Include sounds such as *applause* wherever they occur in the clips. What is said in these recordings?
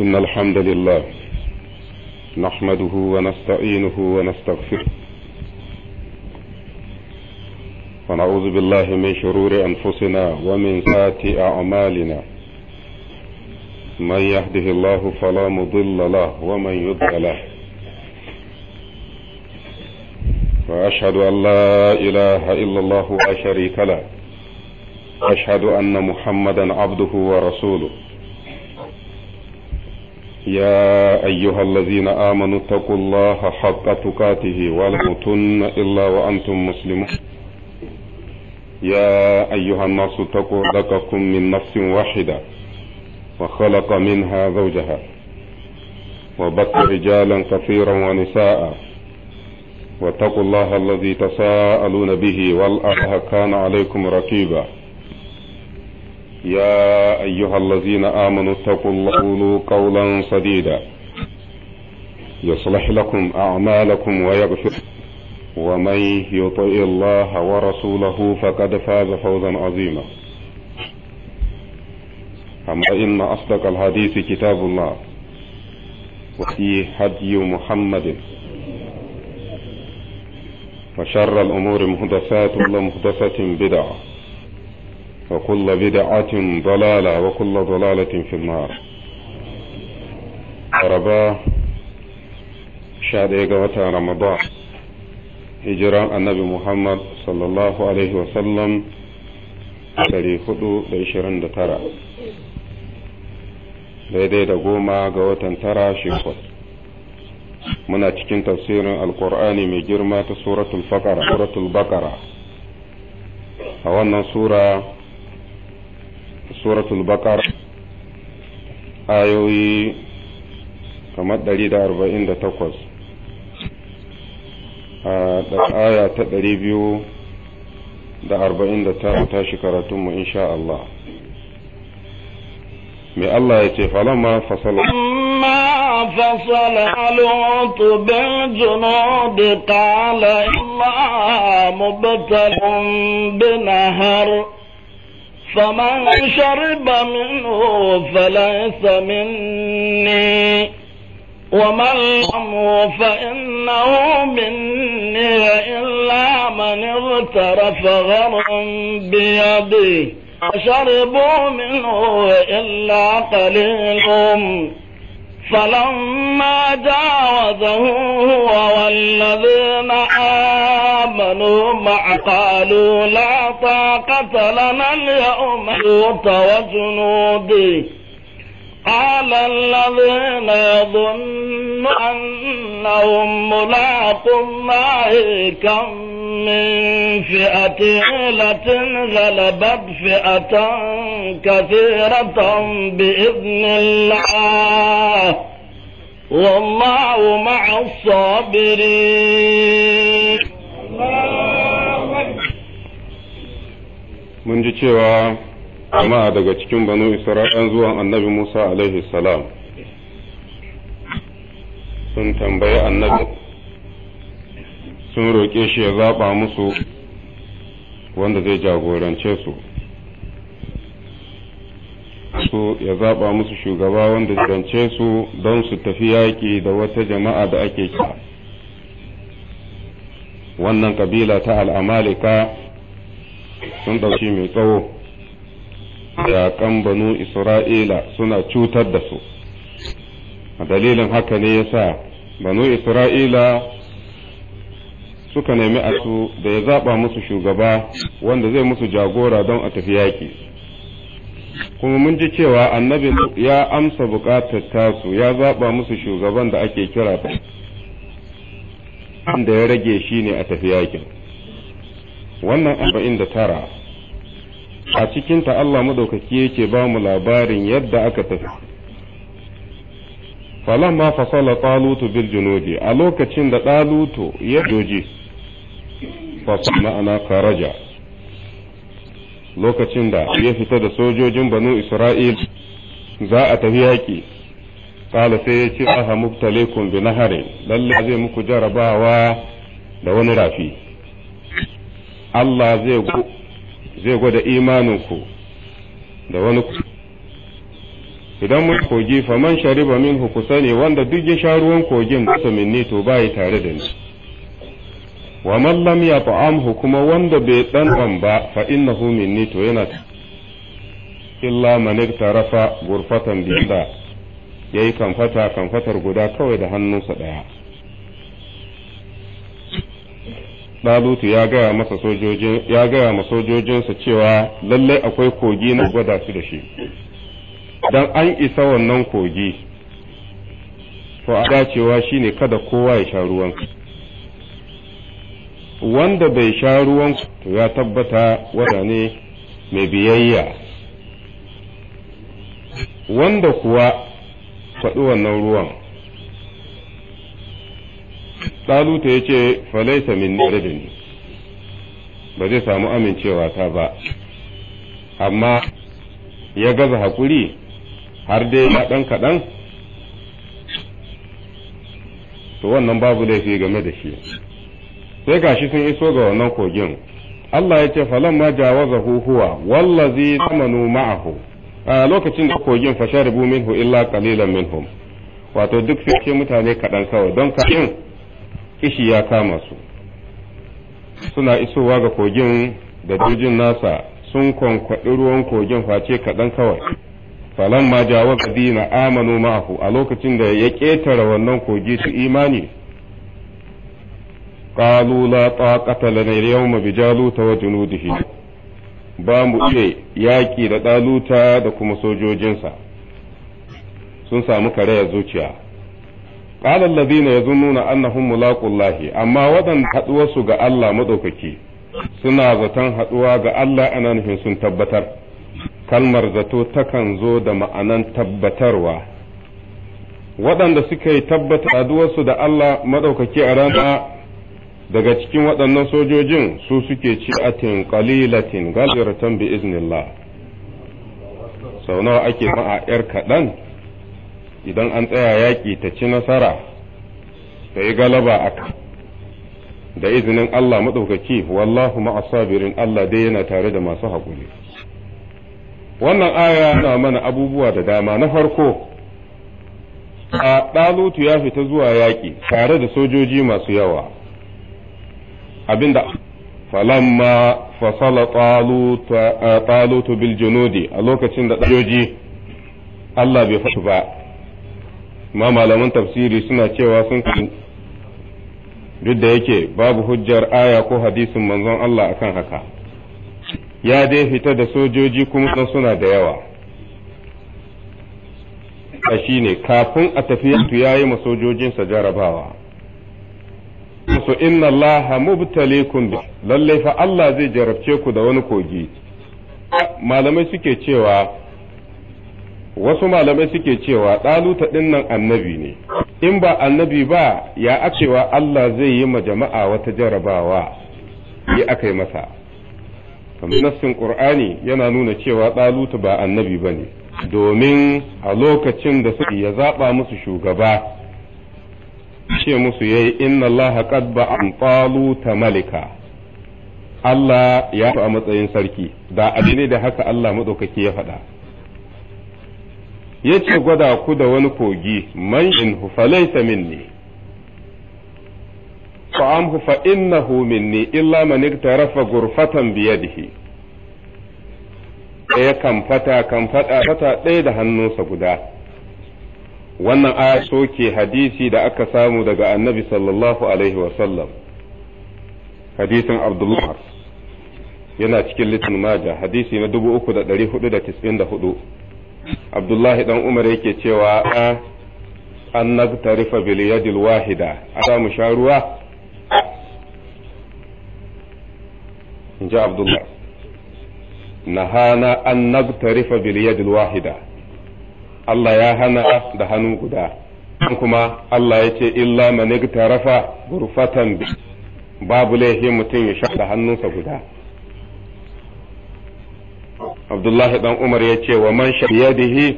إن الحمد لله نحمده ونستعينه ونستغفره ونعوذ بالله من شرور أنفسنا ومن سيئات أعمالنا من يهده الله فلا مضل له ومن يضل له وأشهد أن لا إله إلا الله لا شريك له وأشهد أن محمدا عبده ورسوله يا أيها الذين آمنوا اتقوا الله حق تقاته ولا تموتن إلا وأنتم مسلمون يا أيها الناس اتقوا ربكم من نفس واحدة وخلق منها زوجها وبث رجالا كثيرا ونساء واتقوا الله الذي تساءلون به والأرحام كان عليكم رقيبا يا أيها الذين آمنوا اتقوا الله قولوا قولا سديدا يصلح لكم أعمالكم ويغفر ومن يطع الله ورسوله فقد فاز فوزا عظيما أما إن أصدق الحديث كتاب الله وفي هدي محمد وشر الأمور محدثات ولا محدثة بدعة وكل بدعة ضلالة وكل ضلالة في النار ربا شاد إيقوة رمضان هجرة النبي محمد صلى الله عليه وسلم dari hudu da ishirin da tara daidai da goma ga watan tara shekwas muna cikin tafsirin Alƙur'ani mai girma ta suratul baqara a wannan sura suratul bakar ayoyi kamar 148 a aya ta 249 tashi karatunmu insha Allah mai Allah ya ce falama fasala ma fasala lutu bil junud qala illa mubtalun binahar فمن شرب منه فليس مني ومن لم فإنه مني إلا من اغترف غرا بيدي فشربوا منه إلا قليل فلما جاوزه هو والذين آمنوا مع قالوا لا طاقة لنا اليوم لوط وجنوده قال الذين يظن أنهم ملاق الله كم من فئة عيلة غلبت فئة كثيرة بإذن الله والله مع الصابرين mun ji cewa amma daga cikin banu isra'an zuwan annabi musa alaihi salam sun tambayi annabi sun roƙe shi ya zaɓa musu wanda zai jagorance su su ya zaɓa musu shugaba wanda zance su don su tafi yaƙi da wata jama'a da ake kira wannan kabila ta al'amalika sun ɗauki mai tsawo yaƙan banu Isra'ila suna cutar da su. A dalilin haka ne ya sa banu Isra'ila suka nemi a su da ya zaɓa musu shugaba wanda zai musu jagora don a tafi yaƙi. Kuma mun ji cewa annabi ya amsa buƙatar tasu ya zaɓa musu shugaban da ake kira ta. wanda ya rage shi ne a tafi yaƙin. Wannan arba'in da tara a cikinta Allah madaukaki yake ba mu labarin yadda aka tafi falamma fasala talutu bil junudi a lokacin da talutu ya doji fasala ana karaja lokacin da ya fita da sojojin banu isra'il za a tafi yaƙi kala sai ya ce aha mubtalikum bi nahari lalle zai muku jarabawa da wani rafi Allah zai zai gwada imaninku da wani idan mun kogi man shariba min ku sani wanda duk ya sha ruwan kogin min ni to bayi tare da ni wa man lam yat'amhu kuma wanda bai dan ba fa innahu minni to yana illa man iktarafa gurfatan bi yayi kamfata kamfatar guda kawai da hannunsa daya lalutu ya gaya masa sojojin ya gaya ma sojojinsa cewa lallai akwai kogi na gwada su da shi dan an isa wannan kogi to a dacewa shine kada kowa ya sha ruwan wanda bai sha ruwan to ya tabbata wanda ne mai biyayya wanda kuwa faɗi wannan ruwan ɗaluta ya ce falaisa min niradin ba zai samu amincewa ta ba amma ya gaza haƙuri har dai na ɗan kaɗan to wannan babu laifi game da shi sai gashi sun iso ga wannan kogin Allah ya ce falan ma jawaza huwa wallazi zamanu ma'ahu a lokacin da kogin fasharibu minhu illa qalilan minhum wato duk sai mutane kaɗan kawai don kayan. kishi ya kama su suna isowa ga kogin da jirgin nasa sun kwankwaɗi ruwan kogin face kaɗan kawai falon ma jawo na amanu ma'ahu a lokacin da ya ƙetare wannan kogi su imani قالوا bija طاقة لنا اليوم بجالوت ba bamu iya yaƙi da ɗaluta da kuma sojojinsa sun samu karaya zuciya qala allazina yazunnuna annahum mulaqullahi amma waɗanda haduwar ga Allah madaukaki suna zaton haduwa ga Allah ana nufin sun tabbatar kalmar zato takan zo da ma'anan tabbatarwa waɗanda suka yi tabbata haduwarsu da Allah madaukaki a rana daga cikin waɗannan sojojin su suke ci atin qalilatin galiratan bi iznillah sau nawa ake ma'a yar kaɗan idan an tsaya yaƙi ta ci nasara ta yi galaba a da izinin Allah maɗaukaki wallahu ma'asabirin Allah dai yana tare da masu haƙuri wannan aya na mana abubuwa da dama na farko a ɗalutu ya fita zuwa yaƙi tare da sojoji masu yawa abinda falamma fasala ɗalutu bil a lokacin da sojoji Allah bai faɗi ba ma malaman tafsiri suna cewa sun duk da yake babu hujjar aya ko hadisin manzon Allah akan haka ya dai fita da sojoji kuma suna da yawa a shi ne kafin a tafi ya yi masojojinsa jarabawa su inna Allah mubtalikum bi lallai fa Allah zai jarabce ku da wani kogi malamai suke cewa wasu malamai suke cewa ɗaluta ɗinnan annabi ne in ba annabi ba ya acewa Allah zai yi ma jama'a wata jarabawa yi aka yi masa kamar nassin ƙur'ani yana nuna cewa ɗaluta ba annabi ba ne domin a lokacin da suke ya zaɓa musu shugaba ce musu ya yayi inna Allah qad ba'an ɗaluta malika Allah ya a matsayin sarki da ne da haka Allah maɗaukaki ya faɗa yace gwada ku da wani kogi man inhu falaysa minni fa'amhu fa innahu minni illa ta rafa gurfatan biyadihi ɗaya kan fata kan fata fata ɗaya da hannunsa guda wannan aya soke hadisi da aka samu daga annabi sallallahu alaihi wasallam hadisin abdullah yana cikin litin maja hadisi na 3494 abdullahi dan umar yake cewa ah, an nagtarifa bil yadil wahida a samu sha ruwa in ji abdullahi nahana an nagtarifa bil yadil wahida Allah ya hana da hannu guda kuma Allah ya ce illa man igtarafa gurfatan babu laifin mutum ya sha hannunsa guda abdullahi dan umar ya ce wa man yadihi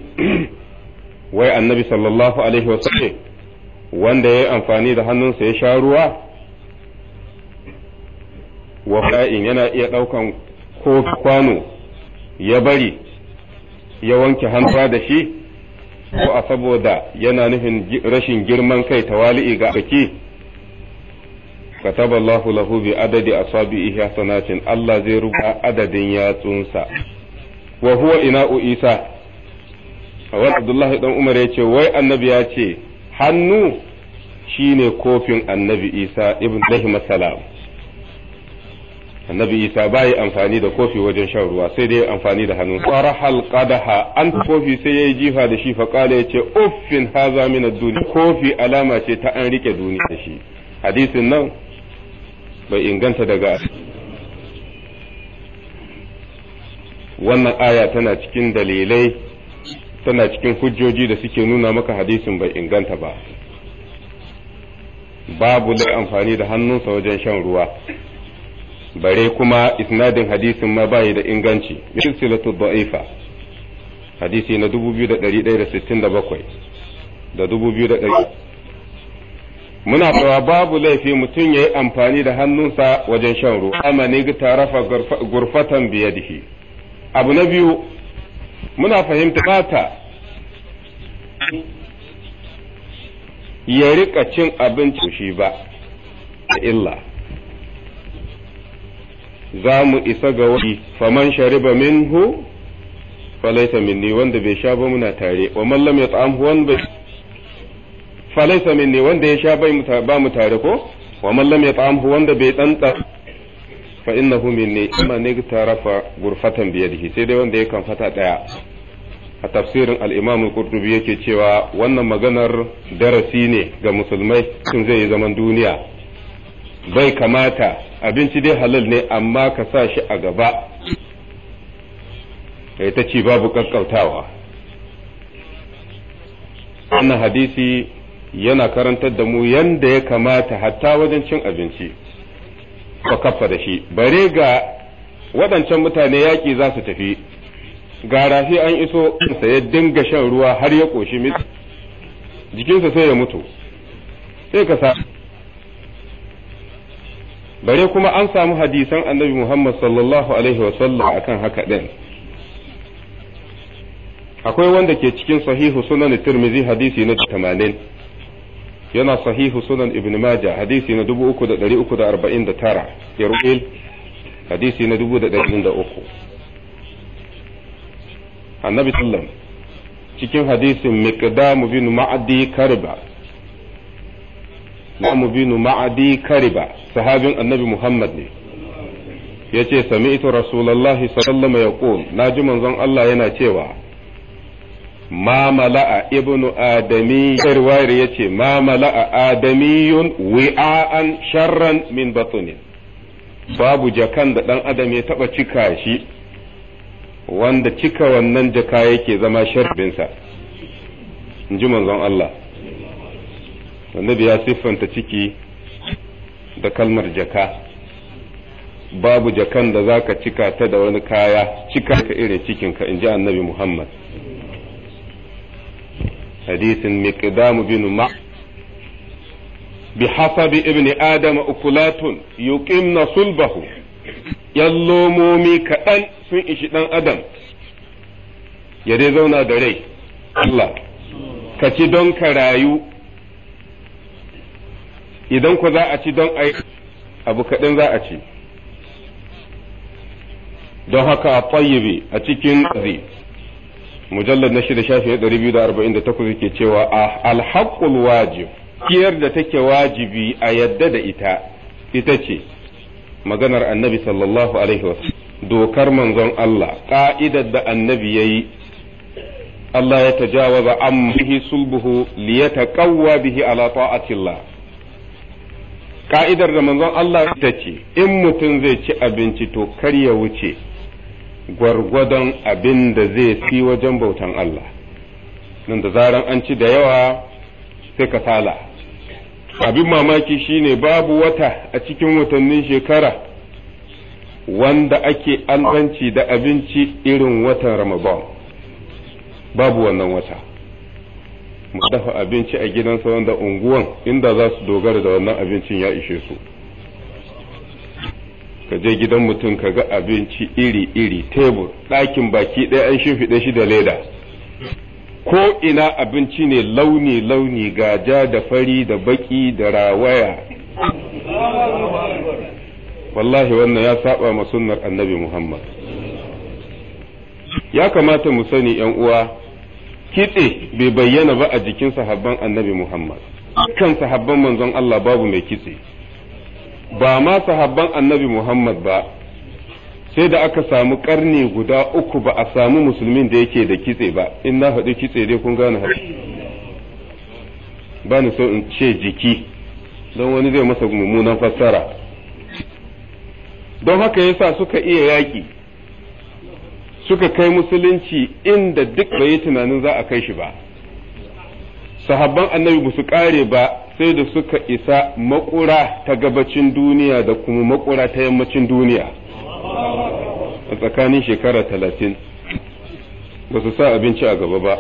*clears throat* wai annabi sallallahu alaihi wasallam wanda ya yi amfani da hannunsa ya sha ruwa wa fa'in yana iya ɗaukan ko kwano ya bari ya wanke hannuwa da shi ko a saboda yana nufin rashin girman kai tawali'i ga kaki kataballahu lahu bi adadi asabihi hasanatin Allah zai rubuta adadin yatsunsa wa huwa ina'u isa wani abdullahi dan umar ya ce wai annabi ya ce hannu shine kofin annabi isa ibn lahi salam annabi isa ba yi amfani da kofi wajen shan ruwa sai dai amfani da hannu tsara halqadaha an kofi sai yayi jifa da shi ya yace uffin haza min ad-dunya kofi alama ce ta an rike duniya da shi hadisin nan bai inganta daga wannan aya tana cikin dalilai tana cikin hujjoji da suke nuna maka hadisin bai inganta ba babu lai amfani da hannunsa wajen shan ruwa bare kuma isnadin hadisin ma bai da inganci silsilatu da'ifa hadisi na 2167 da 2100 muna cewa babu laifi mutum ya yi amfani da hannunsa wajen shan ruwa amma ne ga tarafa gurfatan biyadihi abu na biyu muna fahimta mata ya rika cin abinci shi ba da illa za mu isa ga wani faman shariba minhu falaita minni wanda bai sha ba muna tare wa mallam ya tsamhu wanda falaita minni wanda ya sha ba mu tare ko wa mallam ya tsamhu wanda bai tsantsa fa innahu minni amma ne tarafa gurfatan biyadihi sai dai wanda ya fata ɗaya a tafsirin al-Imam al-Qurtubi yake cewa wannan maganar darasi ne ga musulmai tun zai yi zaman duniya bai kamata abinci dai halal ne amma ka sa shi a gaba kai eh, ta ci babu kakkautawa wannan hadisi yana karantar da mu yanda ya kamata hatta wajen cin abinci suka kafa da shi bare ga waɗancan mutane yaƙi za su tafi ga rafi an iso sa ya dinga shan ruwa har ya ƙoshi mit jikinsa sai ya mutu sai ka sa bare kuma an samu hadisan annabi Muhammad sallallahu alaihi wasallam akan haka ɗin akwai wanda ke cikin sahihu sunan tirmizi hadisi na 80 yana sahihu sunan ibn majah hadisi na 3349 yarwil hadisi na 1303 annabi sallam cikin hadisin miqdam bin ma'adi kariba Lamu bin ma'adi kariba sahabin annabi Muhammad ne ya ce sami ita rasulullahi sallallahu alaihi wasallam na ji manzon Allah yana cewa ma mala'a ibnu adami riwayar yace ma mala'a adamiyun wi'a'an sharran min batuni babu jakan da dan adam ya taba cika shi wanda cika wannan jaka yake zama sharbinsa in ji manzon Allah annabi ya siffanta ciki da kalmar jaka babu jakan da zaka cika ta da wani kaya cika ka irin cikinka in ji annabi Muhammad hadisin مقدام بن مع بحسب ابن آدم أكلات يقمن صلبه يلومومي sun ishi ɗan adam ya da rai Allah ka idan ku ci don a kaɗan za a ci don haka a cikin zai mujallar na shida shafi na ɗari biyu da arba'in da takwas ke cewa ah, alhaƙul wajib kiyar da take wajibi a yadda da ita ita ce maganar annabi sallallahu alaihi wasallam dokar manzon Allah ƙa'idar da annabi ya yi Allah ya tajawaza an bihi sulbuhu liyataqawwa bihi ala ta'atillah ka'idar da manzon Allah ita ce in mutum zai ci abinci to kar ya wuce gwargwadon abin da zai fi wajen bautan Allah nan da zaran an ci da yawa sai ka sala abin mamaki shine babu wata a cikin watannin shekara wanda ake albanci da abinci irin watan ramadan babu wannan wata mu dafa abinci a gidansa wanda unguwan inda za su dogara da wannan abincin ya ishe su ka je gidan mutum ka ga abinci iri-iri tebur ɗakin baki ɗaya an shimfiɗe shi da leda ko ina abinci ne launi-launi gaja da fari da baki da rawaya wallahi wannan ya saba ma sunnar annabi muhammad ya kamata mu sani yan uwa kitse bai bayyana ba a jikin sahabban annabi muhammad kan sahabban manzon allah babu mai kitse ba ma sahabban annabi Muhammad ba sai da aka samu karni guda uku ba a samu musulmin da yake da kitse ba in na faɗi kitse dai kun gane haɗi ba ni so in ce jiki don wani zai masa mummunan fassara don haka ya yasa suka iya yaƙi suka kai musulunci inda duk bai yi tunanin za a kai shi ba sahabban annabi ba su kare ba sai da suka isa makura ta gabacin duniya da kuma makura ta yammacin duniya a tsakanin shekara talatin ba su sa abinci a gaba ba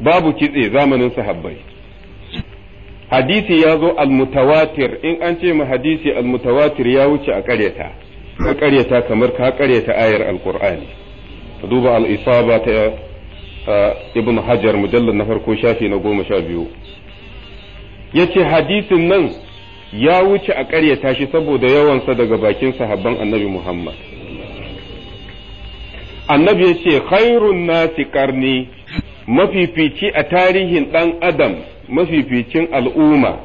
babu kitse zamanin sahabbai hadisi ya zo almutawatir in an ce ma hadisi almutawatir ya wuce a karyata ka karyata kamar ka karyata ayar alkur'ani duba al'isa ba ta ibn hajar mujallar na farko shafi na goma sha biyu ya hadisin nan ya wuce a ƙaryata shi saboda yawansa daga bakin sahabban annabi muhammad annabi ya ce khairun nasi karni mafifici a tarihin ɗan adam mafificin al'umma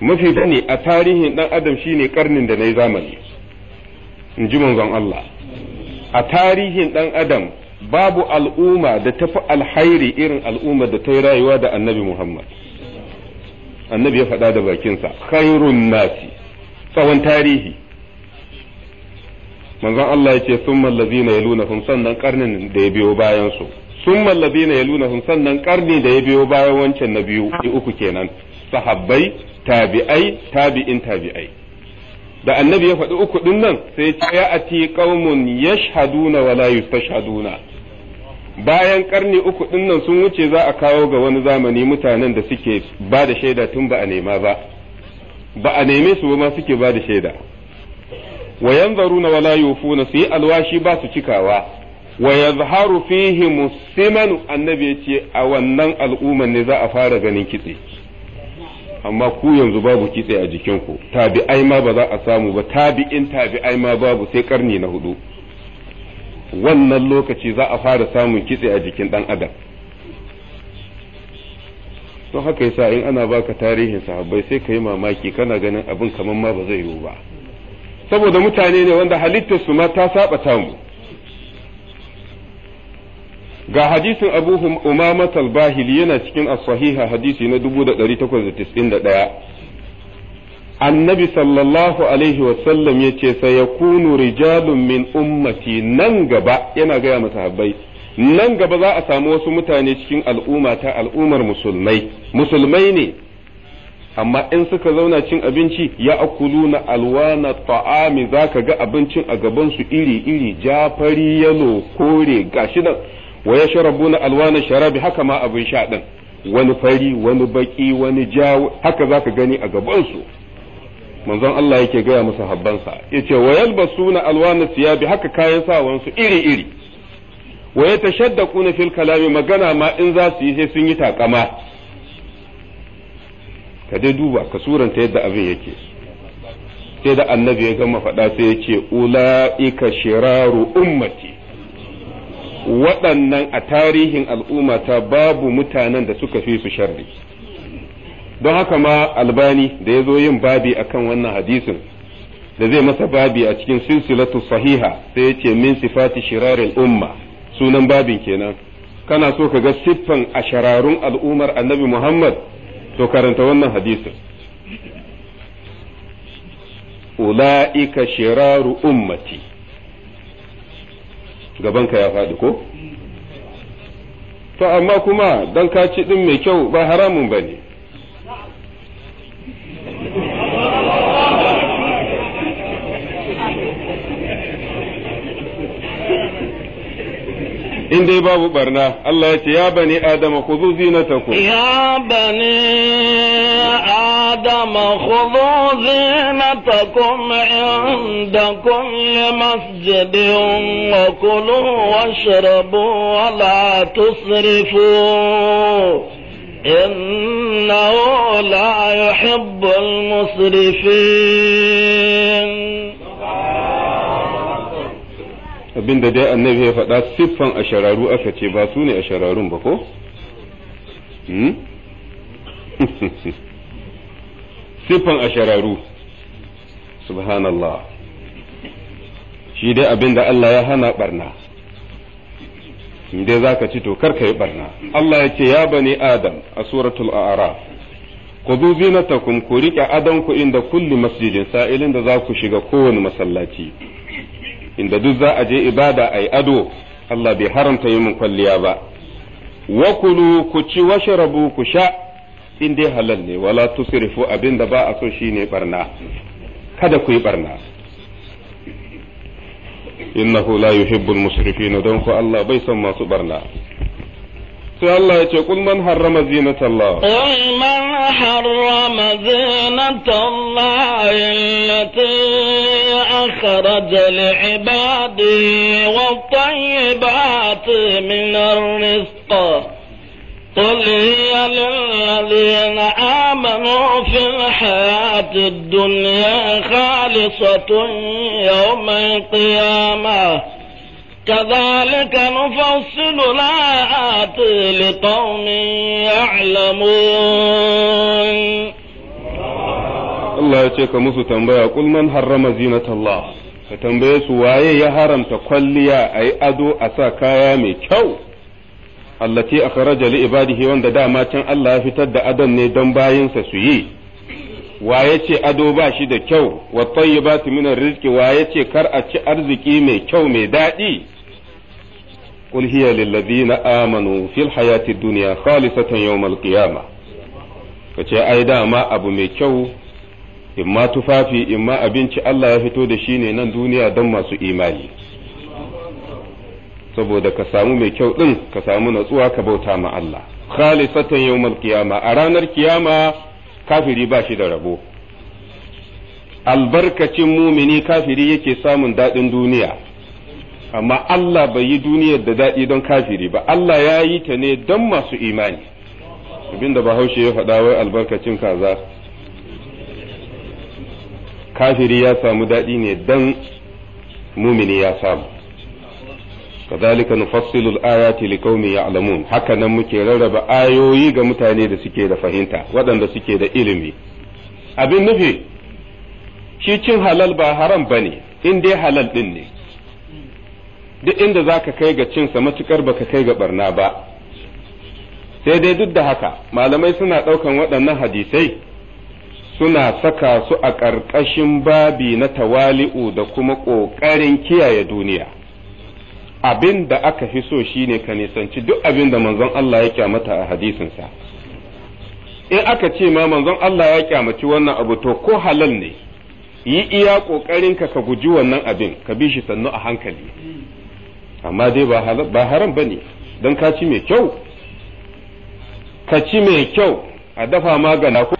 mafifici a tarihin ɗan adam shine karnin da na yi zamani in ji manzon Allah a tarihin ɗan adam babu al'umma da tafi alhairi irin al'umma da ta yi rayuwa da annabi Muhammad annabi ya faɗa da bakinsa khairun nasi tsawon tarihi manzon Allah ya ce summa allazina sannan karnin da ya biyo bayan su sannan karni da ya biyo bayan wancan na biyu uku kenan sahabbai tabi'ai tabi'in tabi'ai da annabi ya faɗi uku ɗin nan sai ya ce ya ati qaumun yashhaduna wa shaduna bayan ƙarni uku ɗin nan sun wuce za a kawo ga wani zamani mutanen da suke ba da shaida tun ba a nema ba ba a neme su ba ma suke ba da shaida wa yanzaruna na la yufuna su yi alwashi ba su cikawa wa yazharu fihi musiman annabi ya ce a wannan al'umman ne za a fara ganin kitse amma ku yanzu babu kitse a jikinku tabi'ai ma ba za a samu ba tabi'in tabi'ai ma babu sai karni na hudu wannan lokaci za a fara samun kitse a jikin dan adam to haka yasa in ana baka tarihin sahabbai sai ka yi mamaki kana ganin abin kamar ma ba zai yiwu ba saboda mutane ne wanda halittarsu ma ta saba tamu ga hadisin abu umama talbahil yana cikin as-sahiha hadisi na 1891 annabi sallallahu alaihi wasallam ya ce sayakunu rijalun min ummati nan gaba yana gaya masahabbai nan gaba za a samu wasu mutane cikin al'umma ta al'ummar musulmai musulmai ne amma in suka zauna cin abinci ya akulu akuluna alwana ta'ami zaka ga abincin a gabansu iri iri jafari yalo kore gashi nan wa yashrabuna alwana sharabi haka ma abin sha din wani fari wani baki wani ja haka zaka gani a gaban su manzon Allah yake gaya musu habbansa yace wa yalbasuna alwana siyabi haka kayan sawan su iri iri wa yatashaddaquna fil kalami magana ma in za su yi sai sun yi takama ka dai duba ka suranta yadda abin yake sai da annabi ya gama faɗa sai ya ce ula'ika shiraru ummati waɗannan a tarihin al'umma ta babu mutanen da suka fi su sharri don haka ma albani da ya zo yin babi a kan wannan hadisin da zai masa babi a cikin silsilatu sahiha sai ya ce min sifati shirarin umma sunan babin kenan kana so ka ga siffan a shararun al'ummar annabi muhammad to karanta wannan hadisin ula'ika shiraru ummati gabanka ya faɗi ko to amma kuma dan ka ci din mai kyau ba haramun bane in dai babu barna Allah ya ce ya bani adama khudhu zinatakum ya bani adama khudhu zinatakum inda kulli masjidin wa kulu washrabu wa la tusrifu إنه لا يحب المسرفين abinda dai annabi ya faɗa siffan a shararu aka ce ba su ne a shararun ba ko? Hmm? *laughs* siffan a shararu subhanallah shi dai abinda Allah ya hana barna dai za ka ci to kar ka yi barna Allah ya ce ya bani adam a suratul a'raf ku zu zinatakum ku riƙe adonku inda kulli masjidin sa'ilin da za ku shiga kowane masallaci inda duk za a je ibada ai ado Allah bai haramta yi mun kwalliya ba wa kulu ku ci washrabu ku sha in dai halal ne wala tusrifu abin da ba a so shine barna kada ku yi barna innahu la yuhibbul musrifin don ku Allah bai son masu barna sai Allah ya ce kul man harrama zinatallah qul man harrama zinatallah allati akhraja li'ibadi wat-tayyibati min ar-rizq قل هي للذين آمنوا في الحياة الدنيا خالصة يوم القيامة كذلك نفصل الآيات لقوم يعلمون Allah ya ce ka musu tambaya kul man harrama talla ka tambaye su waye ya haramta kwalliya a yi ado a sa kaya mai kyau allati akhraja li ibadihi da dama can Allah ya fitar da adon ne don bayansa su yi waye ce ado ba shi da kyau wa tayyibatu min wa ya ce kar a ci arziki mai kyau mai daɗi قل هي للذين آمنوا في الحياة الدنيا خالصة يوم القيامة kace ai dama abu mai kyau ma tufafi ma abinci Allah ya fito da shi ne nan duniya don masu imani saboda ka samu mai kyau ɗin ka samu natsuwa ka bauta ma Allah khalisatan yawmal qiyama a ranar kiyama kafiri ba shi da rabo albarkacin mumini kafiri yake samun daɗin duniya amma Allah bai yi duniyar da daɗi don kafiri ba Allah ya yi ta ne don masu imani abinda bahaushe ya faɗa wai albarkacin kaza kafiri ya samu daɗi ne don mumini ya samu kadhalika nufassilu al-ayati liqaumin ya'lamun haka nan muke rarraba ayoyi ga mutane da suke da fahimta waɗanda suke da ilimi abin nufi shi cin halal ba haram bane in dai halal din ne duk inda za ka kai ga cinsa matukar ka kai ga ɓarna ba sai dai duk da haka malamai suna ɗaukan waɗannan hadisai suna saka su a ƙarƙashin babi na tawali'u da kuma ƙoƙarin kiyaye duniya abin da aka fi so shi ne ka nisanci duk abin da manzon Allah ya kyamata a hadisinsa in aka ce ma manzon Allah ya kyamaci wannan abu to ko halal ne yi iya ƙoƙarinka ka guji wannan abin ka bi shi sannu a hankali amma dai ba haram ba ne don ka ci mai kyau ka mai kyau a dafa magana ko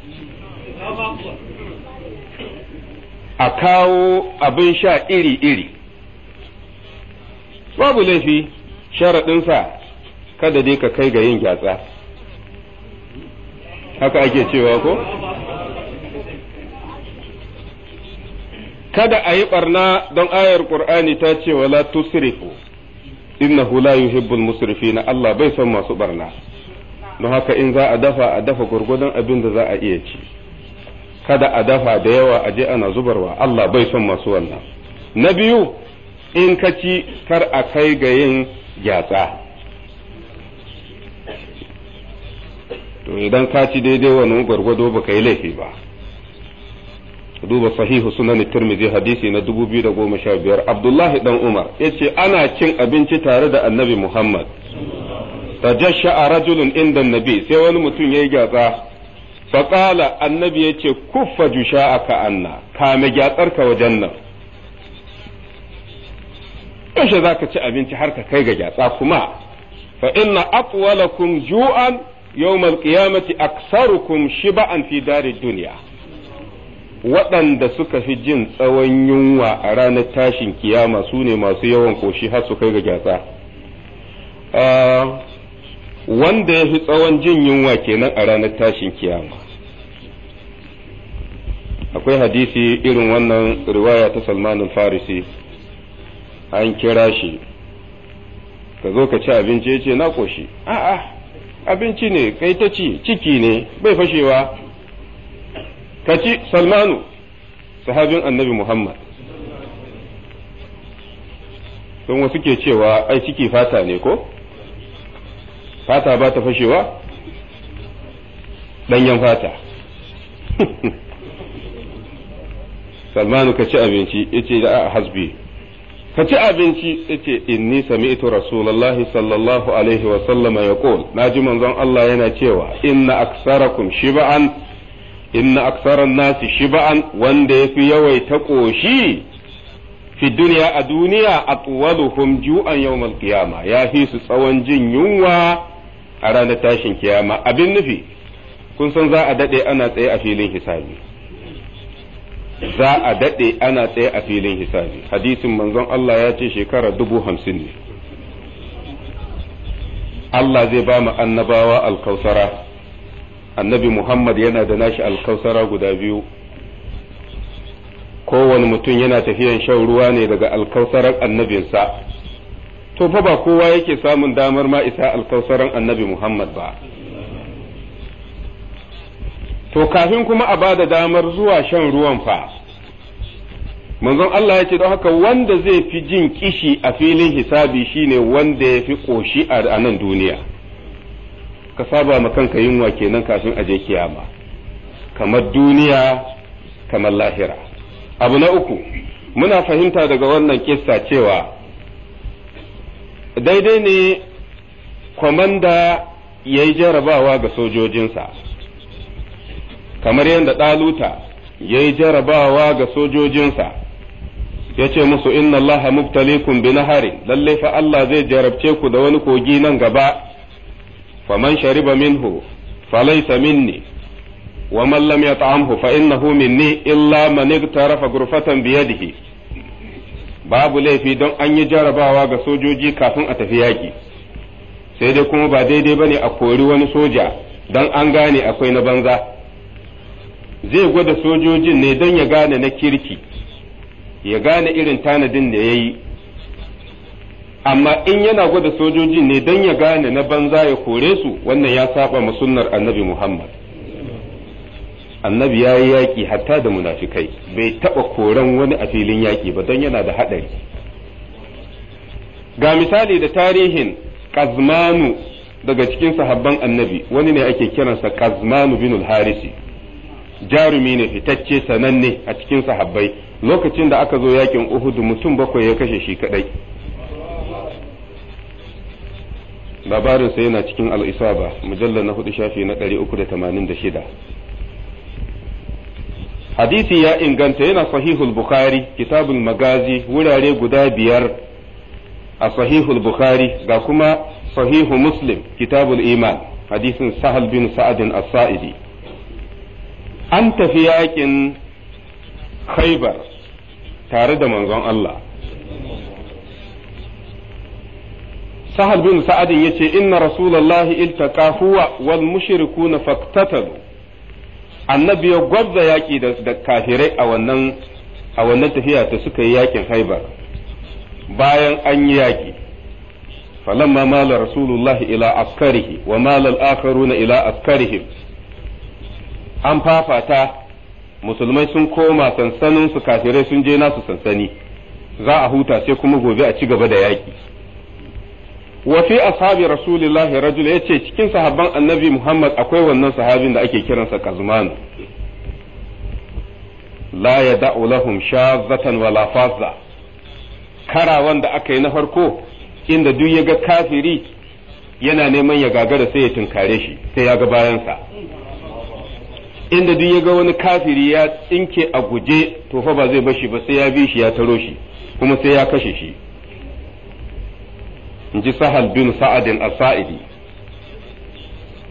a kawo abin sha iri-iri babu laifi sharaɗinsa kada dai ka kai ga yin gyatsa haka ake cewa ko kada a yi ɓarna don ayar ƙur'ani ta ce wala tusrifu innahu la yuhibbul musrifina Allah bai son masu barna don haka in za a dafa a dafa gurgudan abin da za a iya ci kada a dafa da yawa a je ana zubarwa Allah bai son masu wannan na biyu in ka ci kar a kai ga yin gyatsa to idan ka ci daidai wani gwargwado baka yi laifi ba duba sahihu sunan tirmidhi hadisi na dubu biyu goma sha biyar abdullahi dan umar yace ana cin abinci tare da annabi muhammad tajashsha rajulun inda nabi sai wani mutum yayi gyatsa faƙala annabi yace kuffa a anna kame gyatsarka wajen nan yaushe ka ci abinci har ka kai ga gyatsa kuma fa inna atwalakum ju'an aksar al-qiyamati aktsarukum shiba'an fi dari dunya waɗanda suka fi jin tsawon yunwa a ranar tashin kiyama su ne masu yawan ƙoshi har su kai ga gyatsa ah, wanda ya fi tsawon jin yunwa kenan a ranar tashin kiyama akwai hadisi irin wannan riwaya ta salmanin farisi an kira shi ka zo ka ci abinci ya ce na ƙoshi a'a abinci ne kai ta ci ciki ne bai fashewa ka ci salmanu sahabin annabi muhammad don wasu ke cewa ai ciki fata ne ko fata ba ta fashewa ɗanyen fata *laughs* salmanu ka ci abinci ya ce da a hasbi ka ci abinci ya ce inni sami'tu rasulallahi sallallahu alaihi wasallama ya na ji manzon Allah yana cewa inna aksarakum shiba'an inna aksaran nasi shiba'an wanda ya yafi yawaita ƙoshi fi duniya a duniya atwaluhum ju'an yau kiyama ya fi su tsawon jin yunwa a ranar tashin kiyama abin nufi kun san za a daɗe ana tsaye a filin hisabi za a daɗe ana tsaye a filin hisabi hadisin manzon Allah ya ce shekara dubu hamsin ne Allah zai ba mu annabawa alkausara annabi Muhammad yana da nashi alkausara guda biyu kowane mutum yana tafiyan shan ruwa ne daga alkausaran annabinsa to fa ba kowa yake samun damar ma isa alkausaran annabi Muhammad ba to kafin kuma a bada damar zuwa shan ruwan fa manzon Allah ya ce don haka wanda zai fi jin kishi a filin hisabi shine wanda ya fi ƙoshi a nan duniya ka saba ma kanka yunwa kenan kafin aje kiyama kamar duniya kamar lahira abu na uku muna fahimta daga wannan kissa cewa daidai ne kwamanda ya yi jarabawa ga sojojinsa kamar yadda ɗaluta ya yi jarabawa ga sojojinsa ya ce musu inna allaha mubtalikum bi nahari lalle fa Allah zai jarabce ku da wani kogi nan gaba faman shariba minhu falaysa minni wa man lam yat'amhu fa innahu minni illa man igtarafa babu laifi don an yi jarabawa ga sojoji kafin a tafi yaki sai dai kuma ba daidai bane a kori wani soja don an gane akwai na banza zai gwada sojojin ne don ya gane na kirki ya gane irin tanadin da ya yi amma in yana gwada sojoji ne don ya gane na banza ya kore su wannan ya saba ma sunnar annabi Muhammad annabi ya yi yaƙi hatta da munafikai bai taɓa koren wani a filin yaƙi ba don yana da haɗari ga misali da tarihin kazmanu daga cikin sahabban annabi wani ne ake kiransa kazmanu bin harisi jarumi ne fitacce sananne a cikin sahabbai lokacin da aka zo yaƙin uhudu mutum bakwai ya kashe shi kaɗai. labarin sa yana cikin al'isaba mujallar na hudu shafi na shida hadisi ya inganta yana sahihul bukhari kitabul magazi wurare guda biyar a sahihul bukhari ga kuma sahihu muslim kitabul iman hadisin sahal bin sa'adin as-sa'idi an tafi yakin khaybar tare da manzon Allah sahal bin sa'adin yace inna rasulullahi iltaqa huwa wal mushrikuna faqtatalu annabi ya gwabza yaki da kafirai a wannan a wannan tafiya ta suka yi yaƙin haibar bayan an yi yaki falamma mala rasulullahi ila askarihi wa mala al-akharuna ila askarihim an fafata musulmai sun koma sansanin su kafirai sun je nasu sansani za a huta sai kuma gobe a ci gaba da yaki wa fi ashabi rasulillahi rajul yace cikin sahabban annabi Muhammad akwai wannan sahabin da ake kiransa Kazman la yada'u lahum shazzatan wala fazza karawan da aka yi na farko inda duk ya ga kafiri yana neman ya gagara sai ya tunkare shi sai ya ga bayansa inda duk ya ga wani kafiri ya tsinke a guje to fa ba zai bashi ba sai ya bi shi ya taro shi kuma sai ya kashe shi in ji sahal bin sa'adin a saidi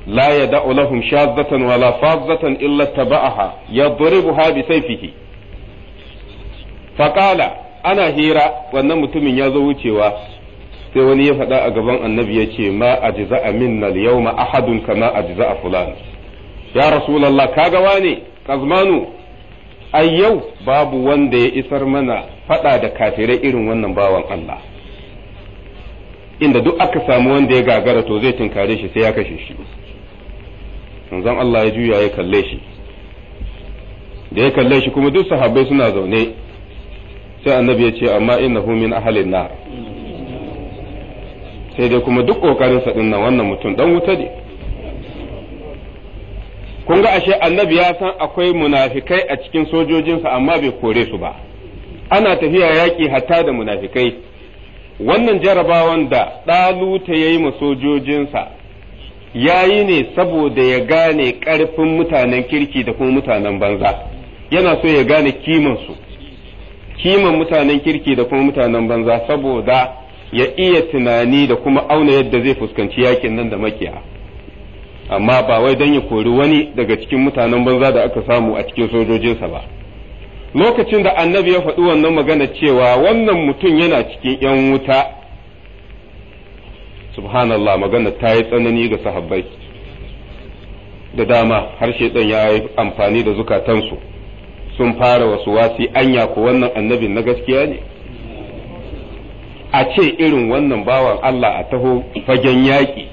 la yada'u lahum shazzatan wala fazzatan illa taba'aha yadribuha bi sayfihi faƙala ana hira wannan mutumin ya zo wucewa sai wani ya faɗa a gaban annabi ya ce ma a minna al-yawma ahadun kama a fulani ya ka kaga wane kazmanu a yau babu wanda ya isar mana faɗa da kafirai irin wannan bawan Allah inda duk aka samu wanda ya gagara to zai tinkare shi sai ya kashe shi manzon Allah ya juya ya kalle shi da ya kalle shi kuma duk sahabbai suna zaune sai annabi ya ce amma innahu min ahlin nar sai dai kuma duk kokarin sa dinnan wannan mutum dan wuta ne kun ga ashe annabi ya san akwai munafikai a cikin sojojinsa amma bai kore su ba ana tafiya yaƙi hatta da munafikai wannan jarabawan da ɗaluta ya yi ma sojojinsa ya yi ne saboda ya gane ƙarfin mutanen kirki da kuma mutanen banza yana so ya gane kimansu kiman mutanen kirki da kuma mutanen banza saboda ya iya tunani da kuma auna yadda zai fuskanci yakin nan da makiya amma ba wai don ya kori wani daga cikin mutanen banza da aka samu a cikin sojojinsa ba. lokacin da annabi ya faɗi wannan magana cewa wannan mutum yana cikin ‘yan wuta subhanallah magana ta yi tsanani ga sahabbai da dama har shaidan ya yi amfani da zukatansu sun fara wasu wasi anya ko wannan annabi na gaskiya ne a ce irin wannan bawan Allah a taho fagen yaƙi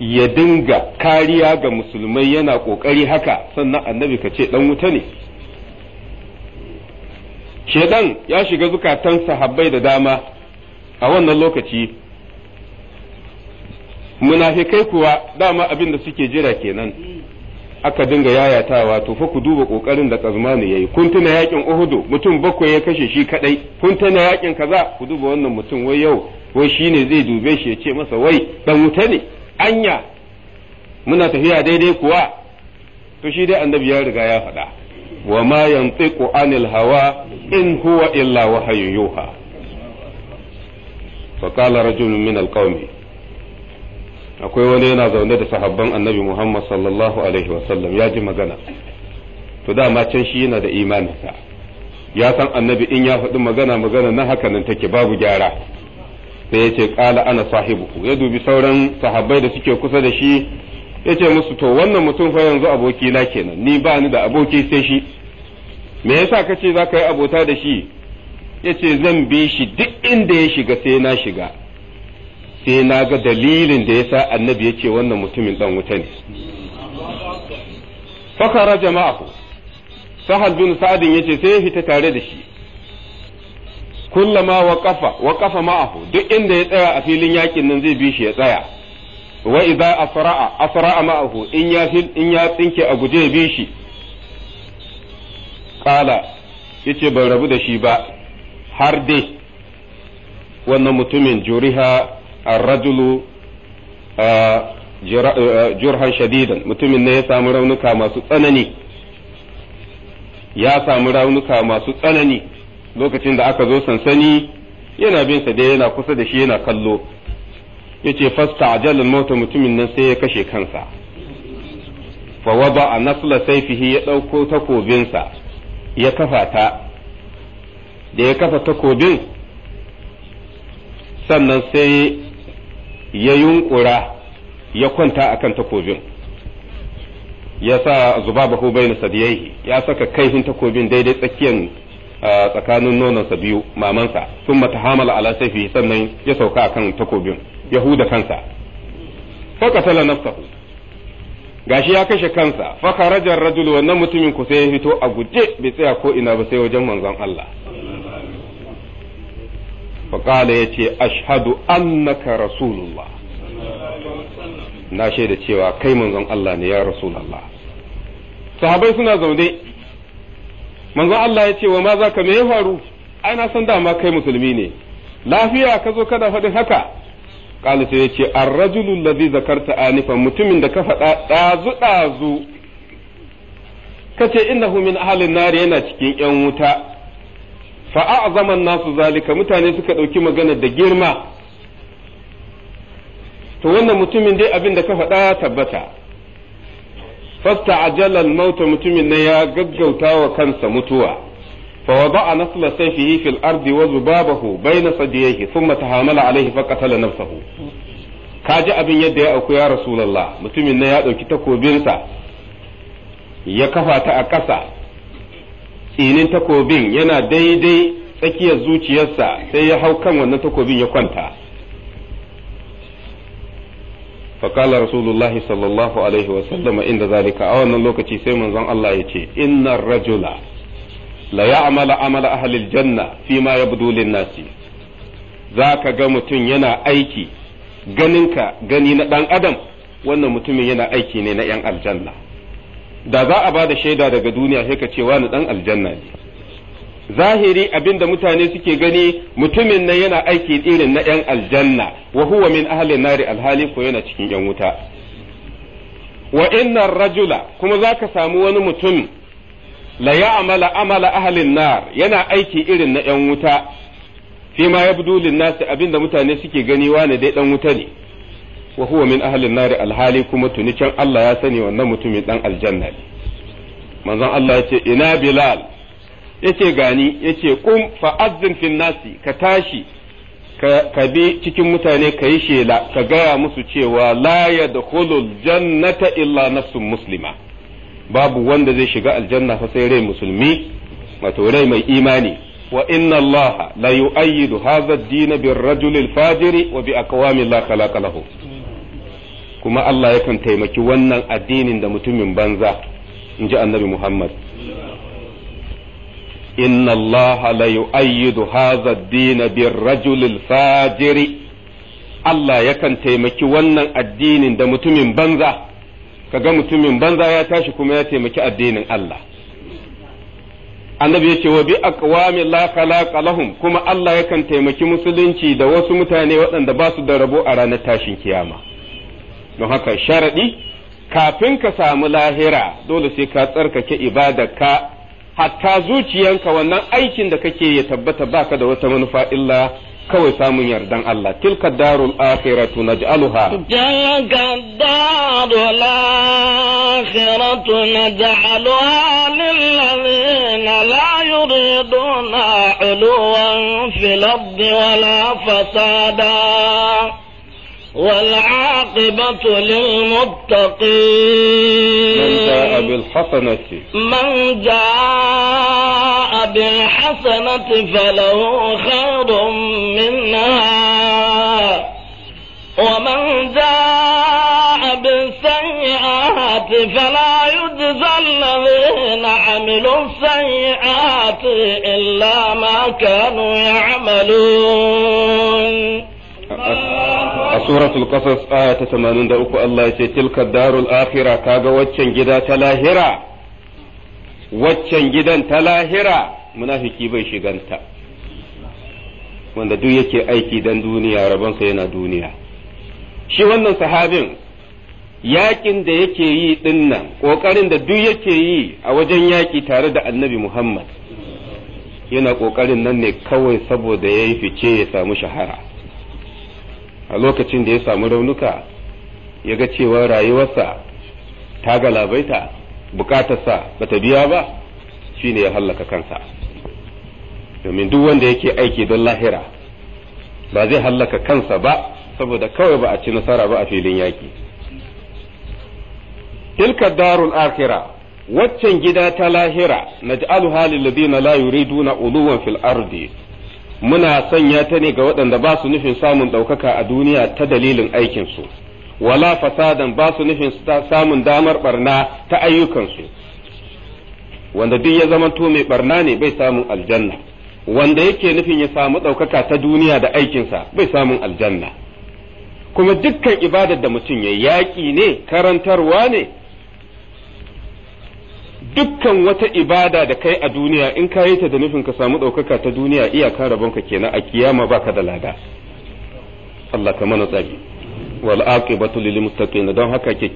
ya dinga kariya ga musulmai yana ƙoƙari haka sannan annabi ka ce ɗan wuta ne shedan ya shiga zukatan sahabbai da dama a wannan lokaci munafikai kuwa dama abin da suke jira kenan aka dinga yayatawa to fa ku duba kokarin da kazmani yayi kun tuna yakin uhudu mutum bakwai ya kashe shi kadai kun tuna yakin kaza ku duba wannan mutum wai yau wai shine zai dube shi ya ce masa wai dan wuta ne anya muna tafiya daidai kuwa to shi dai annabi ya riga ya faɗa wa ma yantiqu anil hawa in huwa illa wahyun yuha fa qala rajulun min akwai wani yana zaune da sahabban annabi Muhammad sallallahu alaihi wasallam ya ji magana to dama can shi yana da imaninsa ya san annabi in ya faɗi magana magana na haka nan take babu gyara sai ya ce ƙala ana sahibu ya dubi sauran sahabbai da suke kusa da shi yace musu to wannan mutum fa yanzu aboki na kenan ni ba ni da aboki sai shi me yasa kace za ka yi abota da shi ce zan bi shi duk inda ya shiga sai na shiga sai na ga dalilin da yasa annabi ya ce wannan mutumin dan wuta ne fakara jama'ahu sahal bin sa'adin yace sai ya fita tare da shi kullama waqafa waqafa ma'ahu duk inda ya tsaya a filin yakin nan zai bi shi ya tsaya wa idza asra'a asra'a ma'ahu in ya in ya tsinke a guje bi shi qala yace ban rabu da shi ba har dai wannan mutumin juriha ar-rajulu jurhan shadidan mutumin ne ya samu raunuka masu tsanani ya samu raunuka masu tsanani lokacin da aka zo sansani yana bin sa dai yana kusa da shi yana kallo yace fasta al mota mutumin nan sai ya kashe kansa fa wada nasla sayfihi ya dauko takobinsa ya kafa ta da ya kafa takobin sannan sai ya yunkura ya kwanta akan takobin ya sa zubabahu na sadiyaihi ya saka kaifin takobin daidai tsakiyan tsakanin nonansa biyu mamansa sun mata hamala ala saifi sannan ya sauka akan takobin yahuda kansa fa qatala nafsahu gashi ya kashe kansa fa kharaja ar-rajul wannan mutumin ku sai ya fito a guje bai tsaya ko ina ba sai wajen manzon Allah fa ya ce, ashhadu annaka rasulullah na shaida cewa kai manzon Allah ne ya rasulullah sahabai suna zaune manzon Allah ya ce wa ma ka me ya faru ai na san dama kai musulmi ne lafiya ka zo kana faɗin haka qala sai yace ar-rajulu allazi zakarta anifa mutumin da ka faɗa dazu dazu kace innahu min ahlin nar yana cikin yan wuta fa a'zama an-nasu zalika mutane suka dauki magana da girma to wannan mutumin dai abin da ka faɗa tabbata fasta ajalal mauta mutumin na ya gaggauta wa kansa mutuwa فوضع نصل سيفه في الأرض وذبابه بين صدييه ثم تحامل عليه فقتل ka ji abin yadda ya auku ya rasulullah mutumin na ya ɗauki takobinsa ya kafa ta a ƙasa tsinin takobin yana daidai tsakiyar zuciyarsa sai ya hau kan wannan takobin ya kwanta faƙalar rasulullah sallallahu alaihi wasallama inda zalika a wannan lokaci sai manzon Allah ya ce innar rajula la ya'mala amala ahli aljanna fi ma yabdu lin nasi zaka ga mutum yana aiki ganinka gani na dan adam wannan mutumin yana aiki ne na yan aljanna da za a bada shaida daga duniya sai ka cewa na dan aljanna ne zahiri abinda mutane suke gani mutumin nan yana aiki irin na yan aljanna wa huwa min ahli nari alhali ko yana cikin yan wuta wa innar rajula kuma zaka samu wani mutum la ya'mala amala ahlin nar yana aiki irin na yan wuta fi ma ya yabdu lin nas abinda mutane suke gani wani dai dan wuta ne wa huwa min ahlin nar alhali kuma tuni can Allah ya sani wannan mutumin dan aljanna ne manzon Allah yace ina bilal yace gani yace kum fa azzin fin nas ka tashi ka bi cikin mutane ka yi shela ka gaya musu cewa la ya jannata illa nafsun muslima babu wanda zai shiga aljanna fa sai rai musulmi wato rai mai imani wa inna allaha la yu'ayyidu hadha ad-din bir rajul al-fajiri wa bi aqwami la khalaqa lahu kuma Allah yakan taimaki wannan addinin da mutumin banza inji annabi Muhammad inna allaha la yu'ayyidu hadha ad-din bir rajul al-fajiri Allah yakan taimaki wannan addinin da mutumin banza Ka ga mutumin banza ya tashi kuma ya taimaki addinin Allah annabi yake wa bi aqwami la khalaqa lahum kuma Allah yakan taimaki musulunci da wasu mutane waɗanda ba su da rabo a ranar tashin kiyama don haka sharadi kafin ka samu lahira dole sai ka tsarkake ibadarka hatta zuciyanka wannan aikin da kake ya tabbata baka da wata manufa illa kawai samun yardan Allah tilka darul akhiratu naj'aluha tilka darul akhiratu naj'aluha lil ladina la yuriduna 'uluwan fil ardi wala fasada والعاقبة للمتقين من جاء بالحسنة من جاء بالحسنة فله خير منها ومن جاء بالسيئات فلا يجزى الذين عملوا السيئات إلا ما كانوا يعملون a suratul qasas aya ta 83 Allah ya ce tilka darul akhirah kaga waccan gida ta lahira waccan gidan ta lahira munafiki bai shiganta wanda duk yake aiki dan duniya rabansa yana duniya shi wannan sahabin yakin da yake yi dinnan kokarin da duk yake yi a wajen yaki tare da annabi Muhammad yana kokarin nan ne kawai saboda ya yi fice ya samu shahara a lokacin da ya samu raunuka ya ga cewa rayuwarsa ta galabaita bukatarsa ta biya ba shi ne ya hallaka kansa domin duk wanda yake aiki don lahira ba zai hallaka kansa ba saboda kawai ba a ci nasara ba a filin yaki tilka darul akhirah waccan gida ta lahira naj'aluha lil ladina la yuriduna uluwan fil ardi muna sanya ta ne ga waɗanda ba su nufin samun ɗaukaka a duniya ta dalilin aikinsu wala fasadan ba su nufin samun damar barna ta ayyukansu wanda duk ya to mai barna ne bai samun aljanna wanda yake nufin ya samu ɗaukaka ta duniya da aikinsa bai samun aljanna kuma dukkan ibadar da mutum ya yaƙi ne karantarwa ne dukkan wata ibada da kai a duniya in ka yi ta da nufin ka samu ɗaukaka ta duniya iyaka rabonka kenan a kiyama baka da lada Allah ka mana tsari wal aqibatu lil muttaqin don haka ke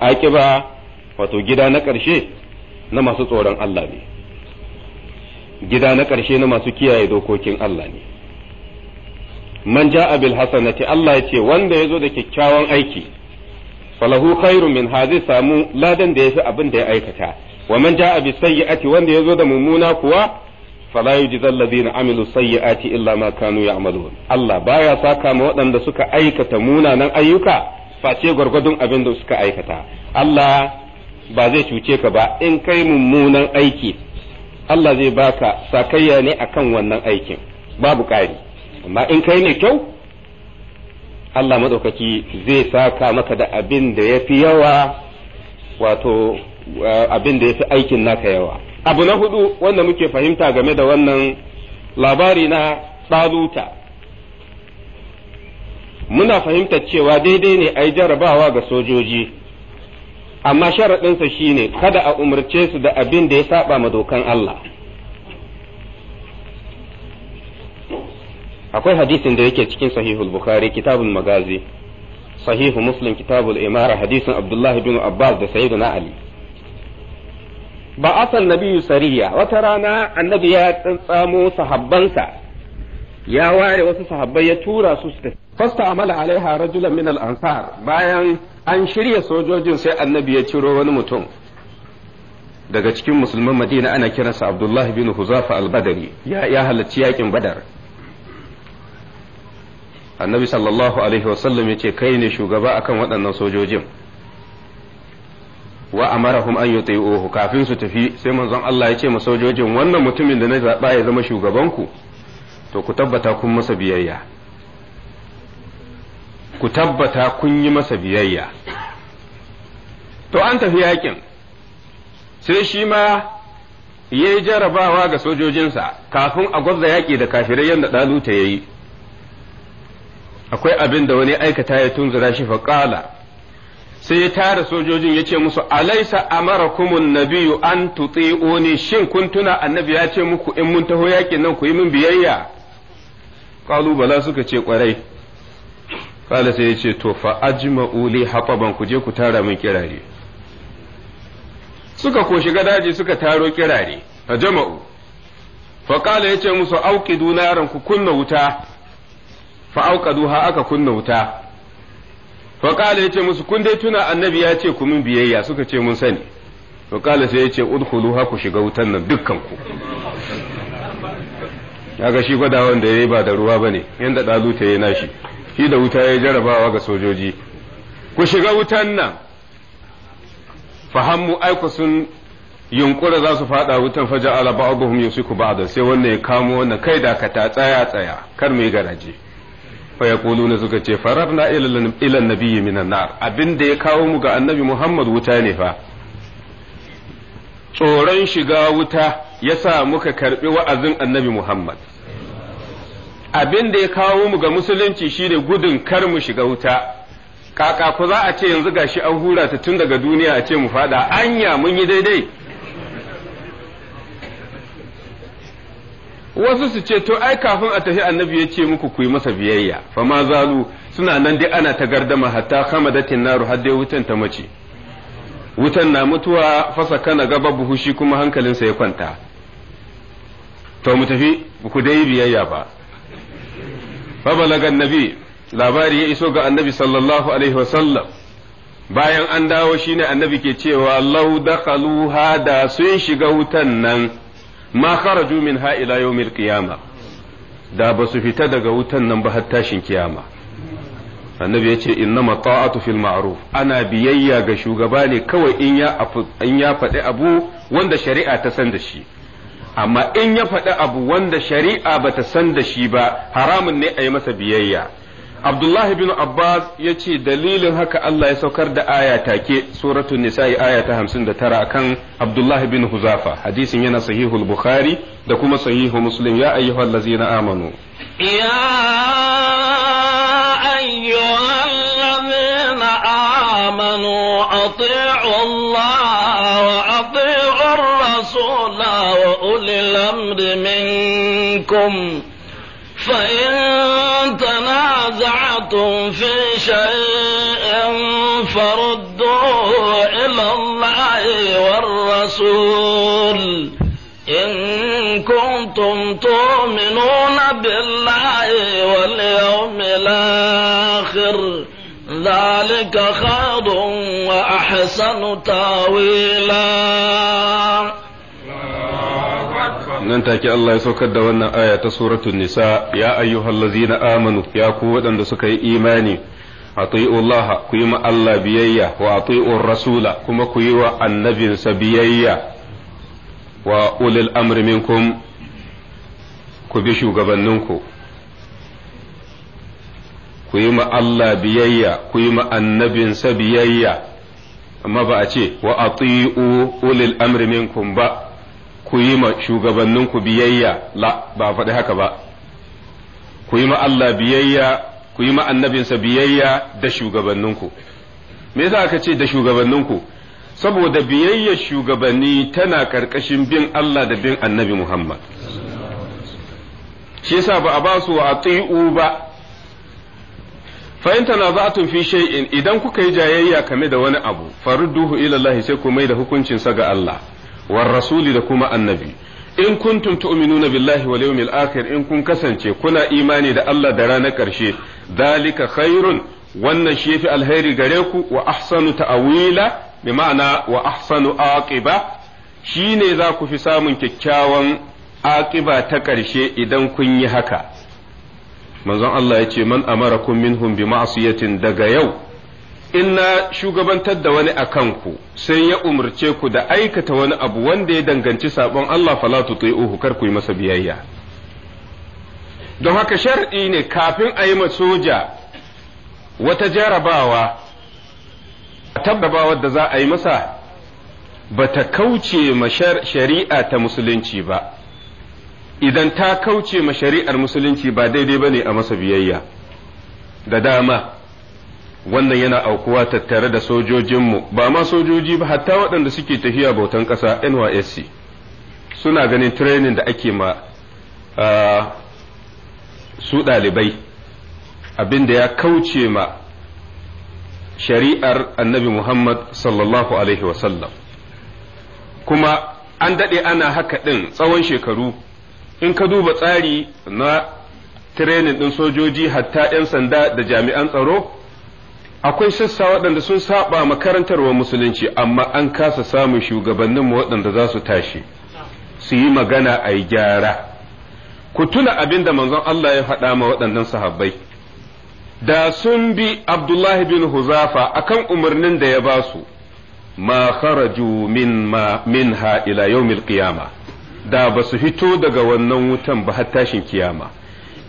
aqiba wato gida na ƙarshe na masu tsoron Allah ne gida na ƙarshe na masu kiyaye dokokin Allah ne man ja'a bil hasanati Allah ya ce wanda yazo da kyakkyawan aiki falahu khairu min ha zai samu ladan da yafi abin da ya aikata wa man jaa bi sayyi'ati wanda yazo da mummuna kuwa fala yujzi allazina amilu sayyi'ati illa ma kanu ya'malun Allah baya saka ma waɗanda suka aikata nan ayyuka face gwargwadon abin da suka aikata Allah ba zai cuce ka ba in kai mummunan aiki Allah zai baka sakayya ne akan wannan aikin babu ƙari amma in kai ne kyau Allah maɗaukaki zai saka maka da abin da ya fi yawa wato abin da ya fi aikin naka yawa abu na hudu wanda muke fahimta game da wannan labari na tsaluta muna fahimtar cewa daidai ne a yi jarabawa ga sojoji amma sharaɗinsa shine kada a umarce su da abin da ya saba ma dokan Allah akwai hadisin da yake cikin sahihul bukhari kitabul magazi sahihu muslim kitabul imara hadisin abdullahi bin abbas da sayyiduna ali ba asan nabiyu sariya wata rana annabi ya tsamo sahabbansa ya ware wasu sahabbai ya tura su su fasta amala alaiha rajulan min al ansar bayan an shirya sojojin sai annabi ya ciro wani mutum daga cikin musulman madina ana kiransa abdullahi bin huzafa al-badari ya halarci yakin badar annabi sallallahu alaihi wasallam ya ce kai ne shugaba akan waɗannan sojojin wa amarahum an yuti'uhu kafin su tafi sai manzon Allah ya ce ma sojojin wannan mutumin da na zaba ya zama shugaban ku to ku tabbata kun masa biyayya ku tabbata kun yi masa biyayya to an tafi yakin sai shi ma ya yi jarabawa ga sojojinsa kafin a gwabza yaƙi da kafirai yadda ɗaluta ya yi akwai abin da wani aikata ya tunzura shi faƙala sai ya tara sojojin ya ce musu alaisa Amara na nabiyu an ne shin kun tuna annabi ya ce muku in mun taho yakin nan ku yi min biyayya Kalu bala suka ce kwarai qala sai ya ce to fa ma'uli li haqaban ku je ku tara min kirare suka ko shiga daji suka taro kirare fa jama'u fa qala ya ce musu auqidu naran kunna wuta fa auqaduha aka kunna wuta faƙala ya ce musu kun dai tuna annabi ya ce ku min biyayya suka ce mun sani faƙala sai ya ce udkhulu ha ku shiga wutan nan dukkan ku kaga shi gwadawan da yayi ba da ruwa bane yanda dalu ta yi nashi shi da wuta yayi jarabawa ga sojoji ku shiga wutan nan fahammu aiko sun yunkura za su fada wutan faja ala ba'dhum yusiku ba'da sai wannan ya kamo wannan kai da ka ta tsaya tsaya kar mai yi garaje fayaquluna suka ce fararna ila nabiyyi minan nar abin da ya kawo mu ga annabi Muhammad wuta ne fa tsoron shiga wuta yasa muka karbi wa'azin annabi Muhammad abin da ya kawo mu ga musulunci shine gudun kar mu shiga wuta kaka ku za a ce yanzu gashi an hura ta tun daga duniya a ce mu fada anya mun yi daidai wasu su ce to ai kafin a tafi annabi ya ce muku ku yi masa biyayya fa ma zalu suna nan dai ana ta gardama hatta khamadatin naru har dai wutan ta mace wutan na mutuwa fasa kana gaba buhu shi kuma hankalinsa ya kwanta to mu tafi ku dai biyayya ba fa balagan annabi labari ya iso ga annabi sallallahu alaihi wasallam bayan an dawo shine annabi ke cewa lau dakhaluha da sun shiga wutan nan ma kharaju min ha ila yawmil da basu fita daga wutan nan ba har tashin kiyama annabi ya ce innama ta'atu fil maaruf. ana biyayya ga shugaba ne kawai in ya faɗi abu wanda shari'a ta san da shi amma in ya faɗi abu wanda shari'a bata san da shi ba haramun ne a yi masa biyayya Abdullahi bin Abbas ya ce dalilin haka Allah ya saukar da aya take suratul nisa'i aya ta 59 akan Abdullahi bin Huzafa hadisin yana sahihul Bukhari da kuma sahihu Muslim ya ayyuhal amanu ya ayyuhal ladzina amanu ati'u Allah wa ati'u ar-rasul wa ulil amri minkum fa in نَزَعْتُمْ فِي شَيْءٍ فَرُدُّوهُ إِلَى اللَّهِ وَالرَّسُولِ إِن كُنتُمْ تُؤْمِنُونَ بِاللَّهِ وَالْيَوْمِ الْآخِرِ ذَلِكَ خَيْرٌ وَأَحْسَنُ تَأْوِيلًا nan take Allah ya saukar da wannan aya ta suratul nisa ya ayyuhallazina amanu ya ku waɗanda suka yi imani ati'u Allah ku yi ma Allah biyayya wa rasula kuma ku yi wa biyayya wa ulil amri minkum ku bi shugabanninku ku yi ma Allah biyayya ku yi ma biyayya amma ba a ce wa ati'u ulil amri minkum ba ku yi ma shugabanninku biyayya la ba faɗi haka ba ku yi ma Allah biyayya ku yi ma annabinsa biyayya da shugabanninku me yasa aka ce da shugabanninku saboda biyayya shugabanni tana karkashin bin Allah da bin annabi Muhammad shi yasa ba a ba su wa ati'u ba fa in tanaza'tum fi shay'in idan kuka yi jayayya kame da wani abu farudduhu ila Allah sai ku mai da hukuncin sa ga Allah war rasuli da kuma annabi in kun kuntum tu'minuna billahi wal yawmil akhir in kun kasance kuna imani da Allah da ranar ƙarshe dalika khairun wannan shi yafi alheri gare ku wa ahsanu ta'wila bi ma'ana wa ahsanu aqiba shine za ku fi samun kyakkyawan aƙiba ta ƙarshe idan kun yi haka manzon Allah ya ce man amarakum minhum bi ma'siyatin daga yau in na shugabantar da wani a ku sai ya umarce ku da aikata wani abu wanda ya danganci sabon Allah fala tuti'uhu kar ku yi masa biyayya don haka shar'i ne kafin a yi ma soja wata jarabawa a tabbabawar da za a yi masa ba ta kauce ma shari'a ta musulunci ba idan ta kauce ma shari'ar musulunci ba daidai ba ne a masa biyayya da dama wannan yana aukuwa tattare da sojojinmu ba ma sojoji ba hatta waɗanda suke tafiya bautan ƙasa NYSC suna ganin training da ake ma su ɗalibai abinda ya kauce ma shari'ar annabi Muhammad sallallahu alaihi wasallam kuma an daɗe ana haka ɗin tsawon shekaru in ka duba tsari na training ɗin sojoji hatta 'yan sanda da jami'an tsaro akwai sassa waɗanda sun saba makarantarwa musulunci amma an kasa samun shugabanninmu waɗanda za su tashi su yi magana a yi gyara ku tuna abin da manzon Allah ya faɗa ma waɗannan sahabbai da sun bi Abdullahi bin Huzafa akan umarnin da ya ba su ma kharaju min ma ha ila yawmil qiyama da ba su fito daga wannan wutan ba har tashin kiyama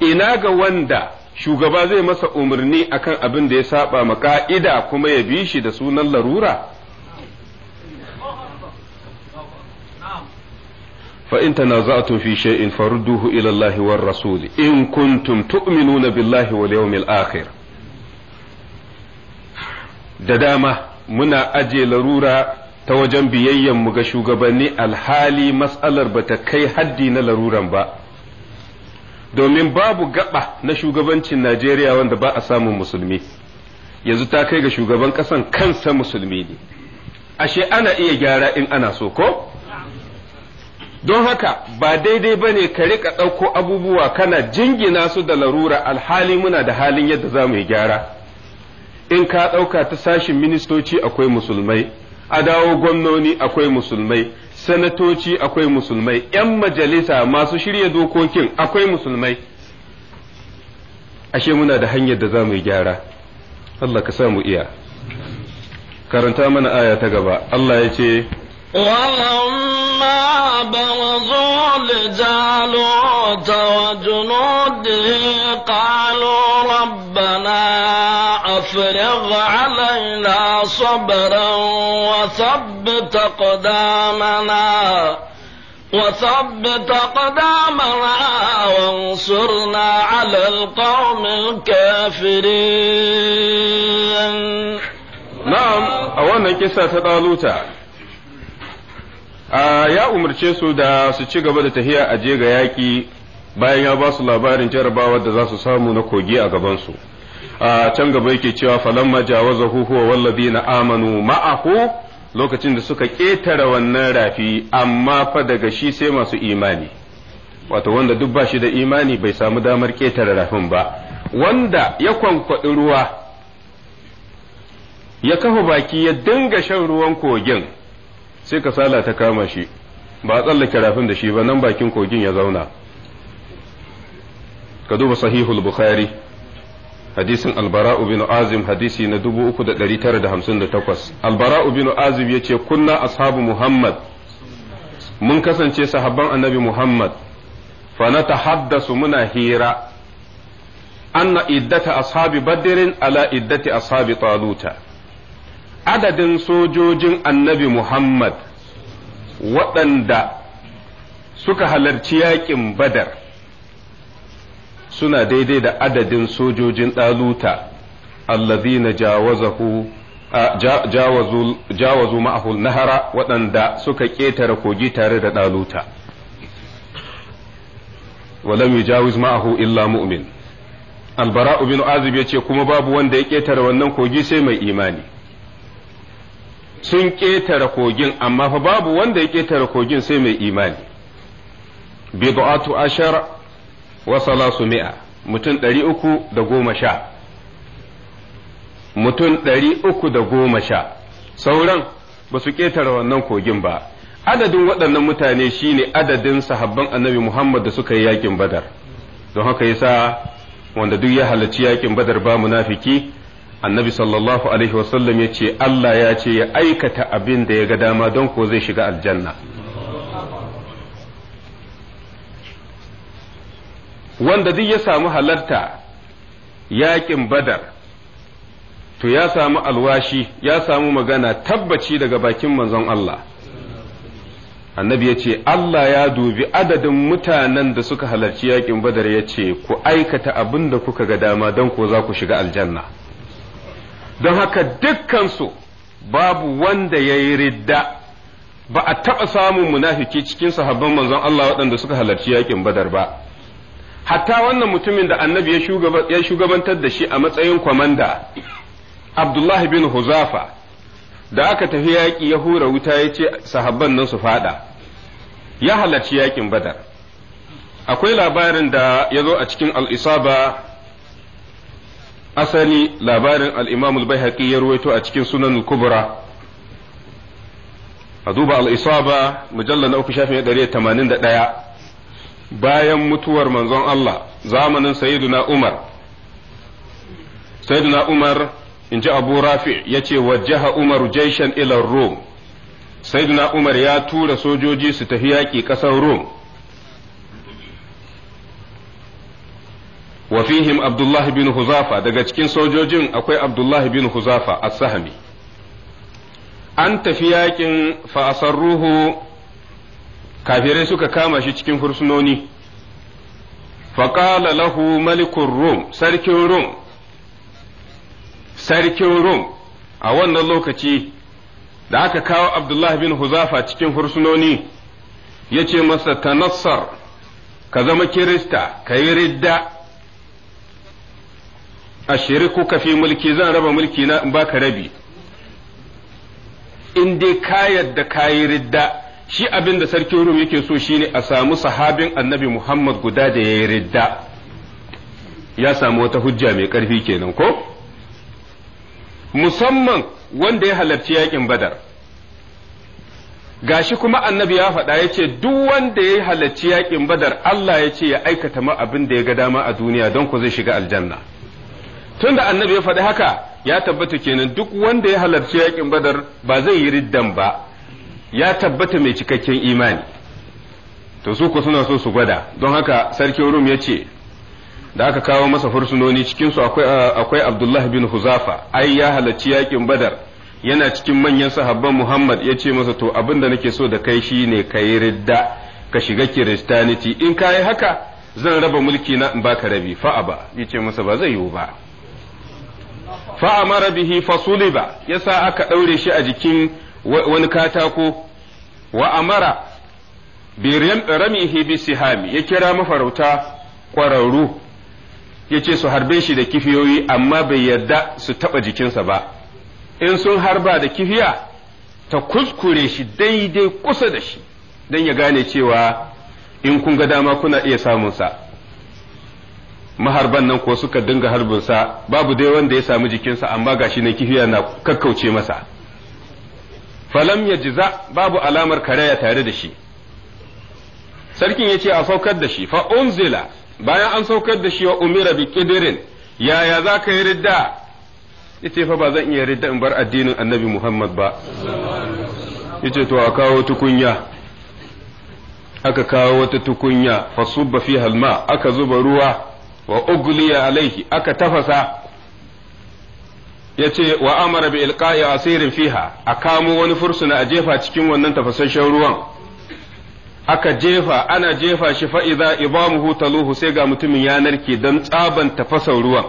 ina ga wanda shugaba zai masa umarni akan abin da ya saba ma ka'ida kuma ya bi shi da sunan larura fa in tanaza'tum fi shay'in farudduhu ila Allahi war rasul in kuntum tu'minuna billahi wal yawmil akhir da dama muna aje larura ta wajen biyayyan mu ga shugabanni alhali mas'alar bata kai haddi na laruran ba domin babu gaba na shugabancin Najeriya wanda ba a samun musulmi yanzu ta kai ga shugaban ƙasan kansa musulmi ne ashe ana iya gyara in ana so ko don haka ba daidai ba ne ka riƙa ɗauko abubuwa kana jingina su da larura alhali muna da halin yadda za mu yi gyara in ka ɗauka ta sashin ministoci akwai musulmai a dawo gwamnoni akwai musulmai sanatoci akwai musulmai ‘yan majalisa masu shirya dokokin akwai musulmai ashe muna da hanyar da za mu yi gyara Allah ka samu iya karanta mana aya ta gaba Allah ya ce ولما وأفرغ علينا صبرا وثبت أقدامنا وثبت أقدامنا وانصرنا على القوم a wannan أولا ta تطالوتا ya umarce su da su ci gaba da tahiya a je ga yaƙi bayan ya ba su labarin jarabawar da za su samu na kogi a gabansu. a can gaba yake cewa falamma jawazahu huwa na amanu ma'ahu lokacin da suka ƙetare wannan rafi amma fa daga shi sai masu imani wato wanda duk ba shi da imani bai samu damar ƙetare rafin ba wanda ya kwankwaɗi ruwa ya kafa baki ya dinga shan ruwan kogin sai ka sala ta kama shi ba a tsallake rafin da shi ba nan bakin kogin ya zauna ka duba sahihul bukhari hadisin albara'u bin azim hadisi na 3958 albara'u bin azim yace kunna ashabu muhammad mun kasance sahabban annabi muhammad fa na tahaddasu muna hira anna iddata ashabi badrin ala iddati ashabi taluta adadin sojojin annabi muhammad waɗanda suka halarci yaƙin badar suna daidai da adadin sojojin ɗaluta allazina jawazahu jawazu ma'ahu nahara waɗanda suka ƙetare kogi tare da ɗaluta walam yujawiz ma'ahu illa mu'min albara ibn azib ya ce kuma babu wanda ya ƙetare wannan kogi sai mai imani sun ƙetare kogin amma fa babu wanda ya ƙetare kogin sai mai imani bid'atu ashara wa salasu mi'a mutum ɗari uku da goma sha mutum ɗari uku da goma sha sauran ba su ƙetare wannan kogin ba adadin waɗannan mutane shine adadin sahabban annabi Muhammad da suka yi yakin badar don haka yasa wanda duk ya halarci yakin badar ba munafiki annabi sallallahu alaihi wasallam ya ce Allah ya ce ya aikata abin da ya ga dama don ko zai shiga aljanna wanda duk ya samu halarta yaƙin badar to ya samu alwashi ya samu magana tabbaci daga bakin manzon Allah annabi ya ce Allah ya dubi adadin mutanen da suka halarci yaƙin badar ya ce ku aikata abin da kuka ga dama don ko za ku shiga aljanna don haka dukkansu babu wanda ya yi ridda ba a taɓa samun munafiki cikin sahabban manzon Allah waɗanda suka halarci yaƙin badar ba hatta wannan mutumin da annabi ya shugabantar da shi a matsayin kwamanda abdullah bin huzafa da aka tafi yaƙi ya hura wuta ya ce sahabban nan su fada ya halarci yaƙin badar akwai labarin da ya zo a cikin al'isaba asali labarin al'imamul bai ya ruwaito a cikin sunan kubra a duba al'isaba mujallar na uku shafin ɗaya bayan mutuwar manzon Allah zamanin sayyiduna Umar sayyiduna Umar in ji Abu Rafi ya ce wajjaha Umar jaishan ila Rom sayyiduna Umar ya tura sojoji su tafi yaƙi ƙasar Rom wa fihim Abdullah bin Huzafa daga cikin sojojin akwai Abdullah bin Huzafa as-Sahmi an tafi yaƙin fa asarruhu kafirai suka kama shi cikin fursunoni faƙala lahu malikun rum sarkin rum sarkin rum a wannan lokaci da aka kawo abdullah bin huzafa cikin fursunoni ya ce masa tanassar ka zama kirista ka yi ridda a ka fi mulki zan raba mulki na in baka rabi in dai ka yadda ka yi ridda shi abin da sarkin rum yake so shi ne a samu sahabin annabi muhammad guda da ya yi ridda ya samu wata hujja mai ƙarfi kenan ko musamman wanda ya halarci yakin badar gashi kuma annabi ya faɗa ya ce duk wanda ya halarci yakin badar Allah ya ce ya aikata ma abin da ya ga dama a duniya don ku zai shiga aljanna tunda annabi ya faɗi haka ya tabbata kenan duk wanda ya halarci yakin badar ba zai yi riddan ba ya tabbata mai cikakken imani to su ku suna so su gwada don haka sarki rum ya ce da aka kawo masa fursunoni cikinsu akwai abdullah bin huzafa ai ya halarci yakin badar yana cikin manyan sahabban muhammad ya ce masa to abin da nake so da kai shi ne ka yi ridda ka shiga kiristaniti in ka yi haka zan raba mulki na in baka rabi fa'a ba ya ce masa ba zai yiwu ba fa'a mara bihi ba ya sa aka ɗaure shi a jikin wani katako wa amara bi ramihi bi sihami ya kira mafarauta kwararru ya ce su harbe shi da kifiyoyi amma bai yarda su taɓa jikinsa ba in sun harba da kifiya ta kuskure shi daidai kusa da shi don ya gane cewa in kun ga dama kuna iya samun samunsa maharban nan ko suka dinga harbinsa babu dai wanda ya samu jikinsa amma gashi na kifiya na kakkauce masa falam ya jiza babu alamar karaya tare da shi sarkin ya ce a saukar da shi fa unzila bayan an saukar da shi wa umira bi kidirin yaya za ka yi ridda yace fa ba zan iya ridda in bar addinin annabi muhammad ba yace to a kawo tukunya aka kawo wata tukunya fa subba fiha alma aka zuba ruwa wa ugliya alaihi aka tafasa ya ce wa amara bi ilqa'i asirin fiha a kamo wani fursuna a jefa cikin wannan tafasasshen ruwan aka jefa ana jefa shi fa'iza ibamuhu taluhu sai ga mutumin ya narke dan tsaban tafasar ruwan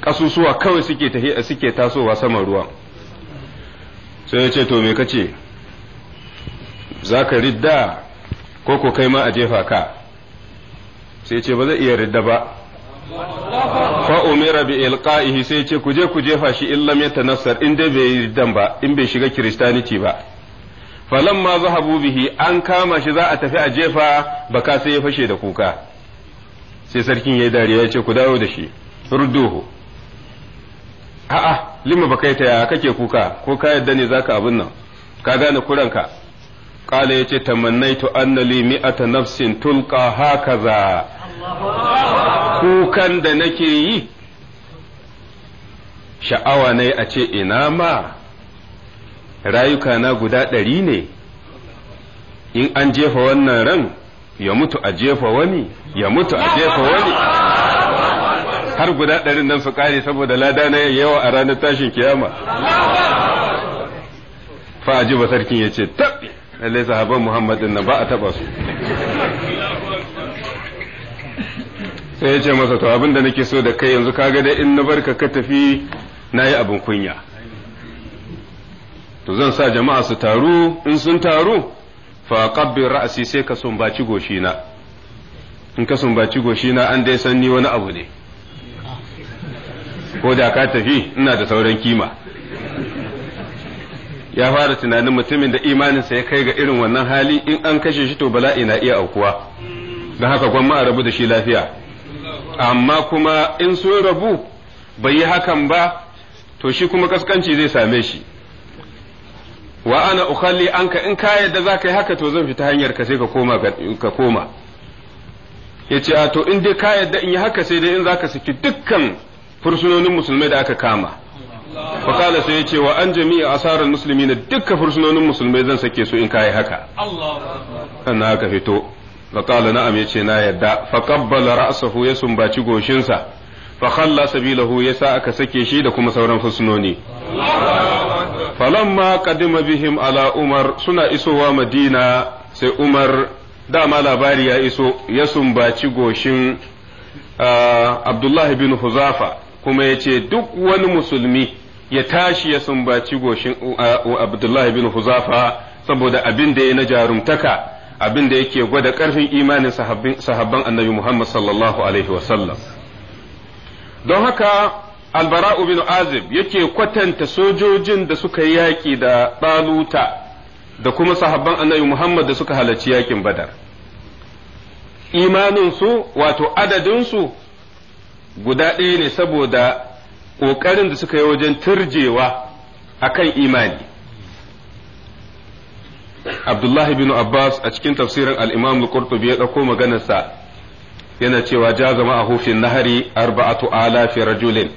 kasusuwa kawai suke suke tasowa saman ruwan sai ya ce to me kace za ridda ko ko kai ma a jefa ka sai ya ce ba zai iya ridda ba fa umira bi ilqa'ihi sai ce ku je ku jefa shi in lam yatanassar in dai bai yi dan ba in bai shiga kristaniti ba falamma zahabu bihi an kama shi za a tafi a jefa baka sai ya fashe da kuka sai sarkin yayi dariya ya ce ku dawo da shi rudduhu a'a lima bakaita ya kake kuka ko ka yadda ne zaka abin nan ka gane kuranka qala yace tamannaitu annali mi'ata nafsin tulqa hakaza kukan da nake yi sha'awa ne a ce ina ma rayuka na guda ɗari ne in an jefa wannan ran ya mutu a jefa wani ya mutu a jefa wani har guda ɗarin nan su ƙare saboda lada na yawa a ranar tashin kiyama fa ajiba sarkin ya ce tab lallai sahaban muhammadin nan ba a taɓa su sai ya ce masa to abin da nake so da kai yanzu kaga dai in na barka ka tafi na yi abin kunya to zan sa jama'a su taru in sun taru fa qabbir ra'si sai ka sumbaci goshina in ka sumbaci goshina an dai san wani abu ne ko da ka tafi ina da sauran kima ya fara tunanin mutumin da imaninsa ya kai ga irin wannan hali in an kashe shi to bala'i na iya aukuwa don haka gwamma a rabu da shi lafiya amma kuma in sun rabu bai yi hakan ba to shi kuma kaskanci zai same shi wa ana ukhalli anka in ka yadda za yi haka to zan fita hanyar ka sai ka koma ka koma yace a to in dai ka yadda in yi haka sai dai in za ka saki dukkan fursunonin musulmai da aka kama kala sai yace wa an jami'a asarar musulmi na dukkan fursunonin musulmai zan sake su in ka yi haka sannan aka fito faƙala na'am ya ce na yadda faƙabbala ra'asahu ya sumbaci goshinsa faƙalla sabilahu ya sa aka sake shi da kuma sauran husnoni falamma qadima bihim ala umar suna isowa madina sai umar dama labari ya iso ya sumbaci goshin ah, abdullahi bin huzafa kuma ya ce duk wani musulmi ya tashi ya sumbaci goshin ah, abdullahi bin huzafa saboda abinda da ya na jarumtaka abin da yake gwada ƙarfin imanin sahabban annabi Muhammad sallallahu alaihi wasallam don haka albara'u bin azib yake kwatanta sojojin da suka yi yaƙi da ɗaluta da kuma sahabban annabi Muhammad da suka halarci yakin badar imaninsu wato adadinsu guda ɗaya ne saboda ƙoƙarin da suka yi wajen turjewa akan imani Abdullahi bin Abbas a cikin tafsirin al-Imam al-Qurtubi ya dauko maganarsa yana cewa ja zama a hufin nahari arba'atu alafi rajulin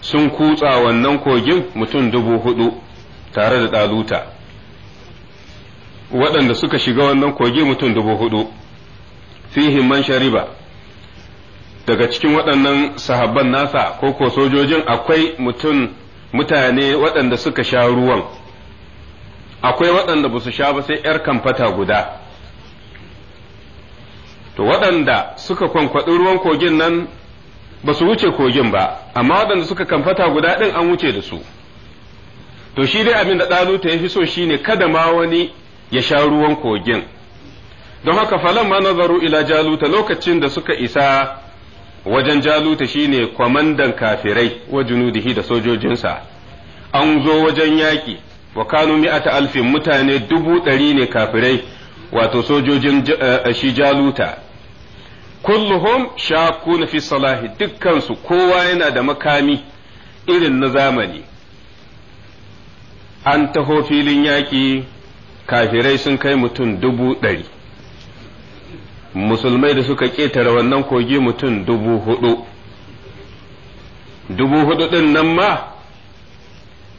sun kutsa wannan kogin mutum dubu hudu tare da daluta waɗanda suka shiga wannan kogi mutum dubu hudu fihim man shariba daga cikin waɗannan sahabban nasa ko ko sojojin akwai mutum mutane waɗanda suka sha ruwan akwai waɗanda ba su sha ba sai ‘yar kamfata guda to waɗanda suka kwankwaɗi ruwan kogin nan ba su wuce kogin ba amma waɗanda suka kamfata guda ɗin an wuce da su to shi dai abin da ɗaluta ya fi so shine kada ma wani ya sha ruwan kogin don haka falon ma nazaru ila jaluta lokacin da suka isa wajen jaluta shine kwamandan kafirai wa junudihi da sojojinsa an zo wajen yaƙi wa kanu mi'ata alfin mutane dubu ɗari ne kafirai wato sojojin eh, eh, shi jaluta kulluhum shakuna fi salahi dukkansu kowa yana da makami irin na zamani an taho filin yaƙi kafirai sun kai mutum dubu ɗari musulmai da suka ƙetare wannan kogi mutum dubu hudu dubu hudu ɗin nan ma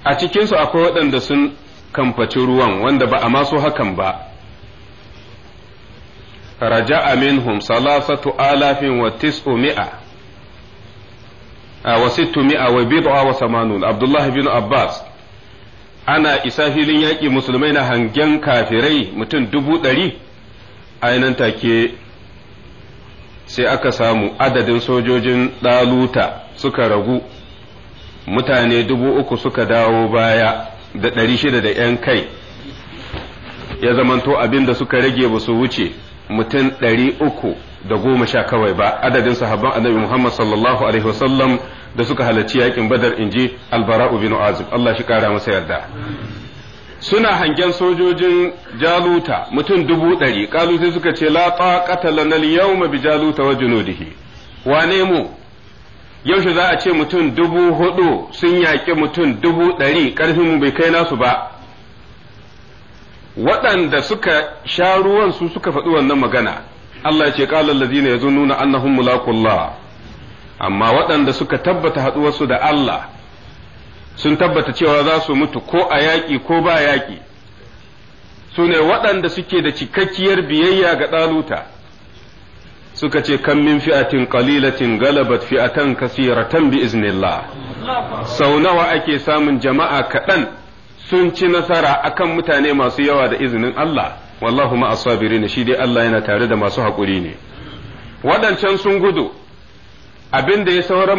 a cikinsu akwai waɗanda sun kamfaci ruwan wanda ba a maso hakan ba Raja minhum salasatu alafin wa tis'umi'a wa mia wa bid'a wa samanun abdullahi bin abbas ana isa filin yaƙi musulmai na hangen kafirai mutum dubu ɗari nan take sai aka samu adadin sojojin ɗaluta suka ragu mutane dubu uku suka dawo baya da ɗari shida da ‘yan kai ya zamanto abin da suka rage ba su wuce mutum ɗari uku da goma sha kawai ba adadin sahabban annabi Muhammad sallallahu alaihi wasallam da suka halarci yakin badar inji albara'u bin azib Allah shi kara masa yarda suna hangen sojojin jaluta mutum dubu ɗari kalu suka ce la taqata lana al-yawma bi jaluta wa junudihi wane mu yaushe za a ce mutum dubu hudu sun yaƙi mutum dubu ɗari ƙarfin bai kai nasu ba waɗanda suka sha ruwan su suka faɗi wannan magana Allah ce ƙalar lazina ya nuna annahun mulakullah amma waɗanda suka tabbata haɗuwarsu da Allah sun tabbata cewa za su mutu ko a yaƙi ko ba yaƙi su ne waɗanda suke da cikakkiyar biyayya ga ɗaluta suka ce kan min fi'atin qalilatin galabat fi'atan kasiratan bi iznillah sau nawa ake samun jama'a kaɗan sun ci nasara akan mutane masu yawa da izinin Allah wallahu ma asabirin shi dai Allah yana tare da masu haƙuri ne waɗancan sun gudu abin da ya saura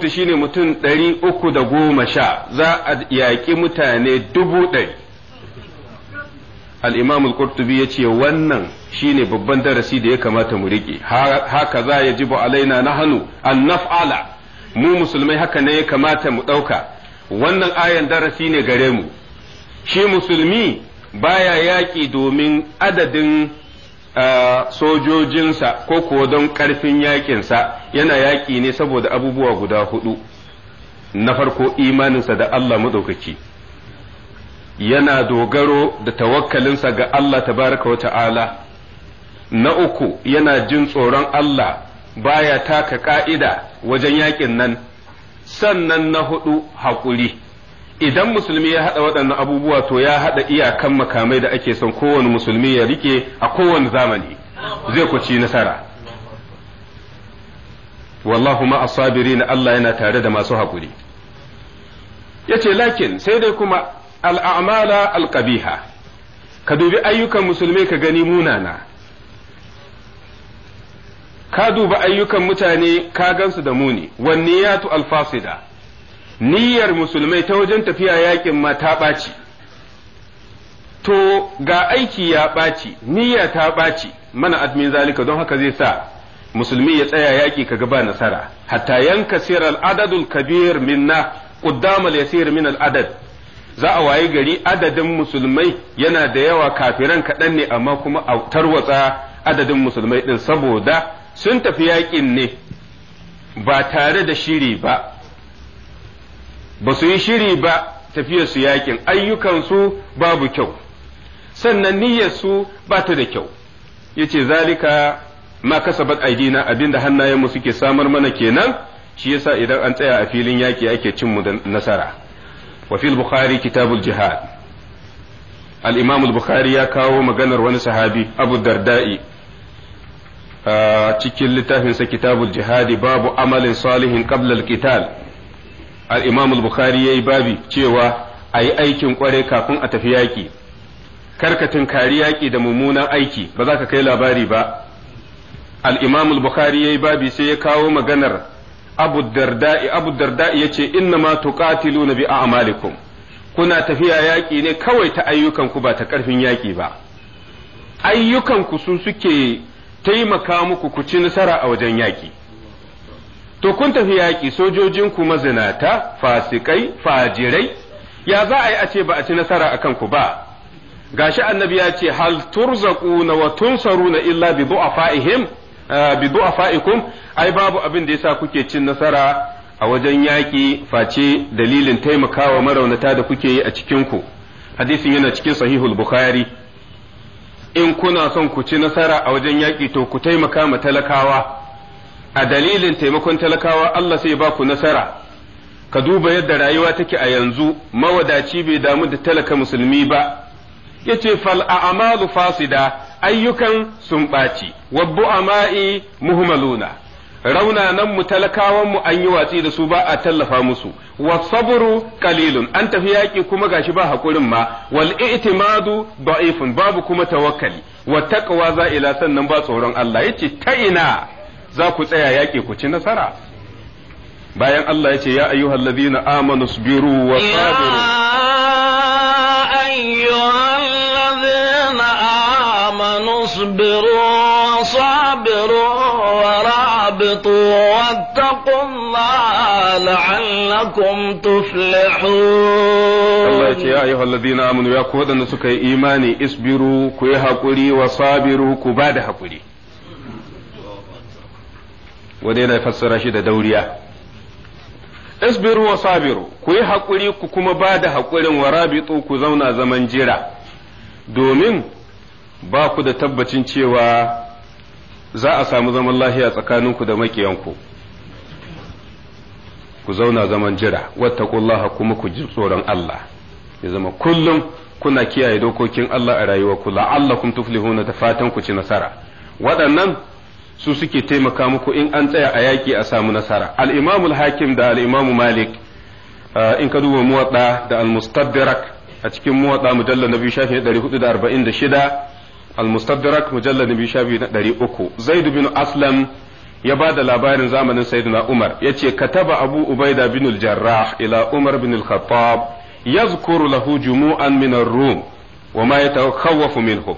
ta shine mutum ɗari uku da goma sha za a yaƙi mutane dubu ɗari al-imam qurtubi ya ce wannan shine babban darasi da ya kamata mu riƙe haka za ya jibu alaina na hannu an naf'ala mu musulmai haka ne ya kamata mu ɗauka wannan ayan darasi ne gare mu shi musulmi baya yaƙi domin adadin sojojinsa ko kuwa don ƙarfin yaƙinsa yana yaƙi ne saboda abubuwa guda hudu na farko imaninsa da Allah maɗaukaki yana dogaro da tawakkalinsa ga Allah tabaraka wa ta'ala na uku yana jin tsoron Allah baya taka ka'ida wajen yakin nan sannan na hudu haƙuri idan musulmi ya haɗa waɗannan abubuwa to ya haɗa iyakan makamai da ake son kowane musulmi ya rike a kowane zamani zai ku ci nasara wallahu ma na Allah yana tare da masu haƙuri yace lakin sai dai kuma al'amala al-qabiha ka dubi ayyukan musulmi ka gani munana ka duba ayyukan mutane ka gansu da muni ya tu alfasida niyyar musulmai ta wajen tafiya yakin ma ta ɓaci to ga aiki ya ɓaci niyya ta ɓaci mana admin zalika don haka zai sa musulmi ya tsaya yaƙi kaga ba nasara hatta yanka siral adadul kabir minna quddamal yasir min al za a wayi gari adadin musulmai yana da yawa kafiran kaɗan ne amma kuma a tarwatsa adadin musulmai ɗin saboda sun tafi yaƙin ne ba tare da shiri ba ba su yi shiri ba tafiyarsu yaƙin ayyukansu babu kyau sannan niyyarsu ba ta da kyau yace zalika ma kasa kasabat aidina abinda hannayenmu suke samar mana kenan shi yasa idan an tsaya a filin yaƙi ake cin mu da nasara wa bukhari kitabul jihad al-imam al-bukhari ya kawo maganar wani sahabi abu darda'i cikin littafin littafinsa kitabul jihadi babu amalin salihin qabla al-qital al-imam al-bukhari yayi babi cewa ayi aikin kware kafin a tafi yaki karkatin kari yaki da mummunan aiki ba za ka kai labari ba al-imam al-bukhari yayi babi sai ya kawo maganar abu darda'i abu darda'i yace inna ma tuqatiluna bi a'malikum kuna tafiya yaki ne kawai ta ayyukan ku ba ta karfin yaki ba ayyukan ku su suke taimaka muku ku ci nasara a wajen yaƙi to kun tafi yaƙi sojojinku mazinata fasikai fajirai ya za a yi a ce ba a ci nasara a kanku ba gashi annabi ya ce hal na wa na illa bi du'afaihim eh, bi du'afaikum ai babu abin da yasa kuke cin nasara a wajen yaƙi face dalilin taimakawa maraunata da kuke yi a cikinku hadisin yana cikin sahihul bukhari in kuna son ku ci nasara a wajen yaƙi to ku taimaka ma talakawa a dalilin taimakon talakawa Allah sai ba ku nasara ka duba yadda rayuwa take a yanzu mawadaci bai damu da talaka musulmi ba yace fal a'malu fasida ayyukan sun ɓaci wabbu ama'i muhmaluna raunanan mu talakawan mu an yi watsi da su ba a tallafa musu wasabru qalilun an tafi yaki kuma gashi ba hakurin ma wal i'timadu da'ifun babu kuma tawakkali wa taqwa za ila sannan ba tsoron Allah yace ta ina za ku tsaya yaki ku ci nasara bayan Allah yace ya ladina amanu sabiru wa sabiru amanu sabiru wa وأنفقوا وَاتَّقُوا اللَّهَ لَعَلَّكُمْ تُفْلِحُونَ الله يا أيها الذين آمنوا يا قوة نسك إيماني اصبروا كوي حقوري وصابروا كو كباد حقري ودينا يفسر شيء دوريا اصبروا وصابروا كوي حقوري كو كما بعد حقري ورابطوا زونا زمن جرا دومين ba ku da tabbacin cewa za a samu zaman lahiya tsakaninku da makiyanku ku zauna zaman jira wata kullaha kuma ku ji tsoron Allah ya zama kullum kuna kiyaye dokokin Allah a rayuwarku la'allakum tuflihuna da fatan ku ci nasara waɗannan su suke taimaka muku in an tsaya a yaƙi a samu nasara al hakim da al-imamu malik uh, in ka duba muwaɗa da al-mustadrak a cikin muwaɗa mujalla na biyu shafi 446 al-mustadrak mujallad bi shafi na 300 zaid bin aslam ya ba da labarin zamanin sayyidina umar ya ce ka kataba abu ubaida bin al ila umar bin al-khattab yadhkuru lahu jumu'an min ar-rum wa ma yatakhawwafu minhu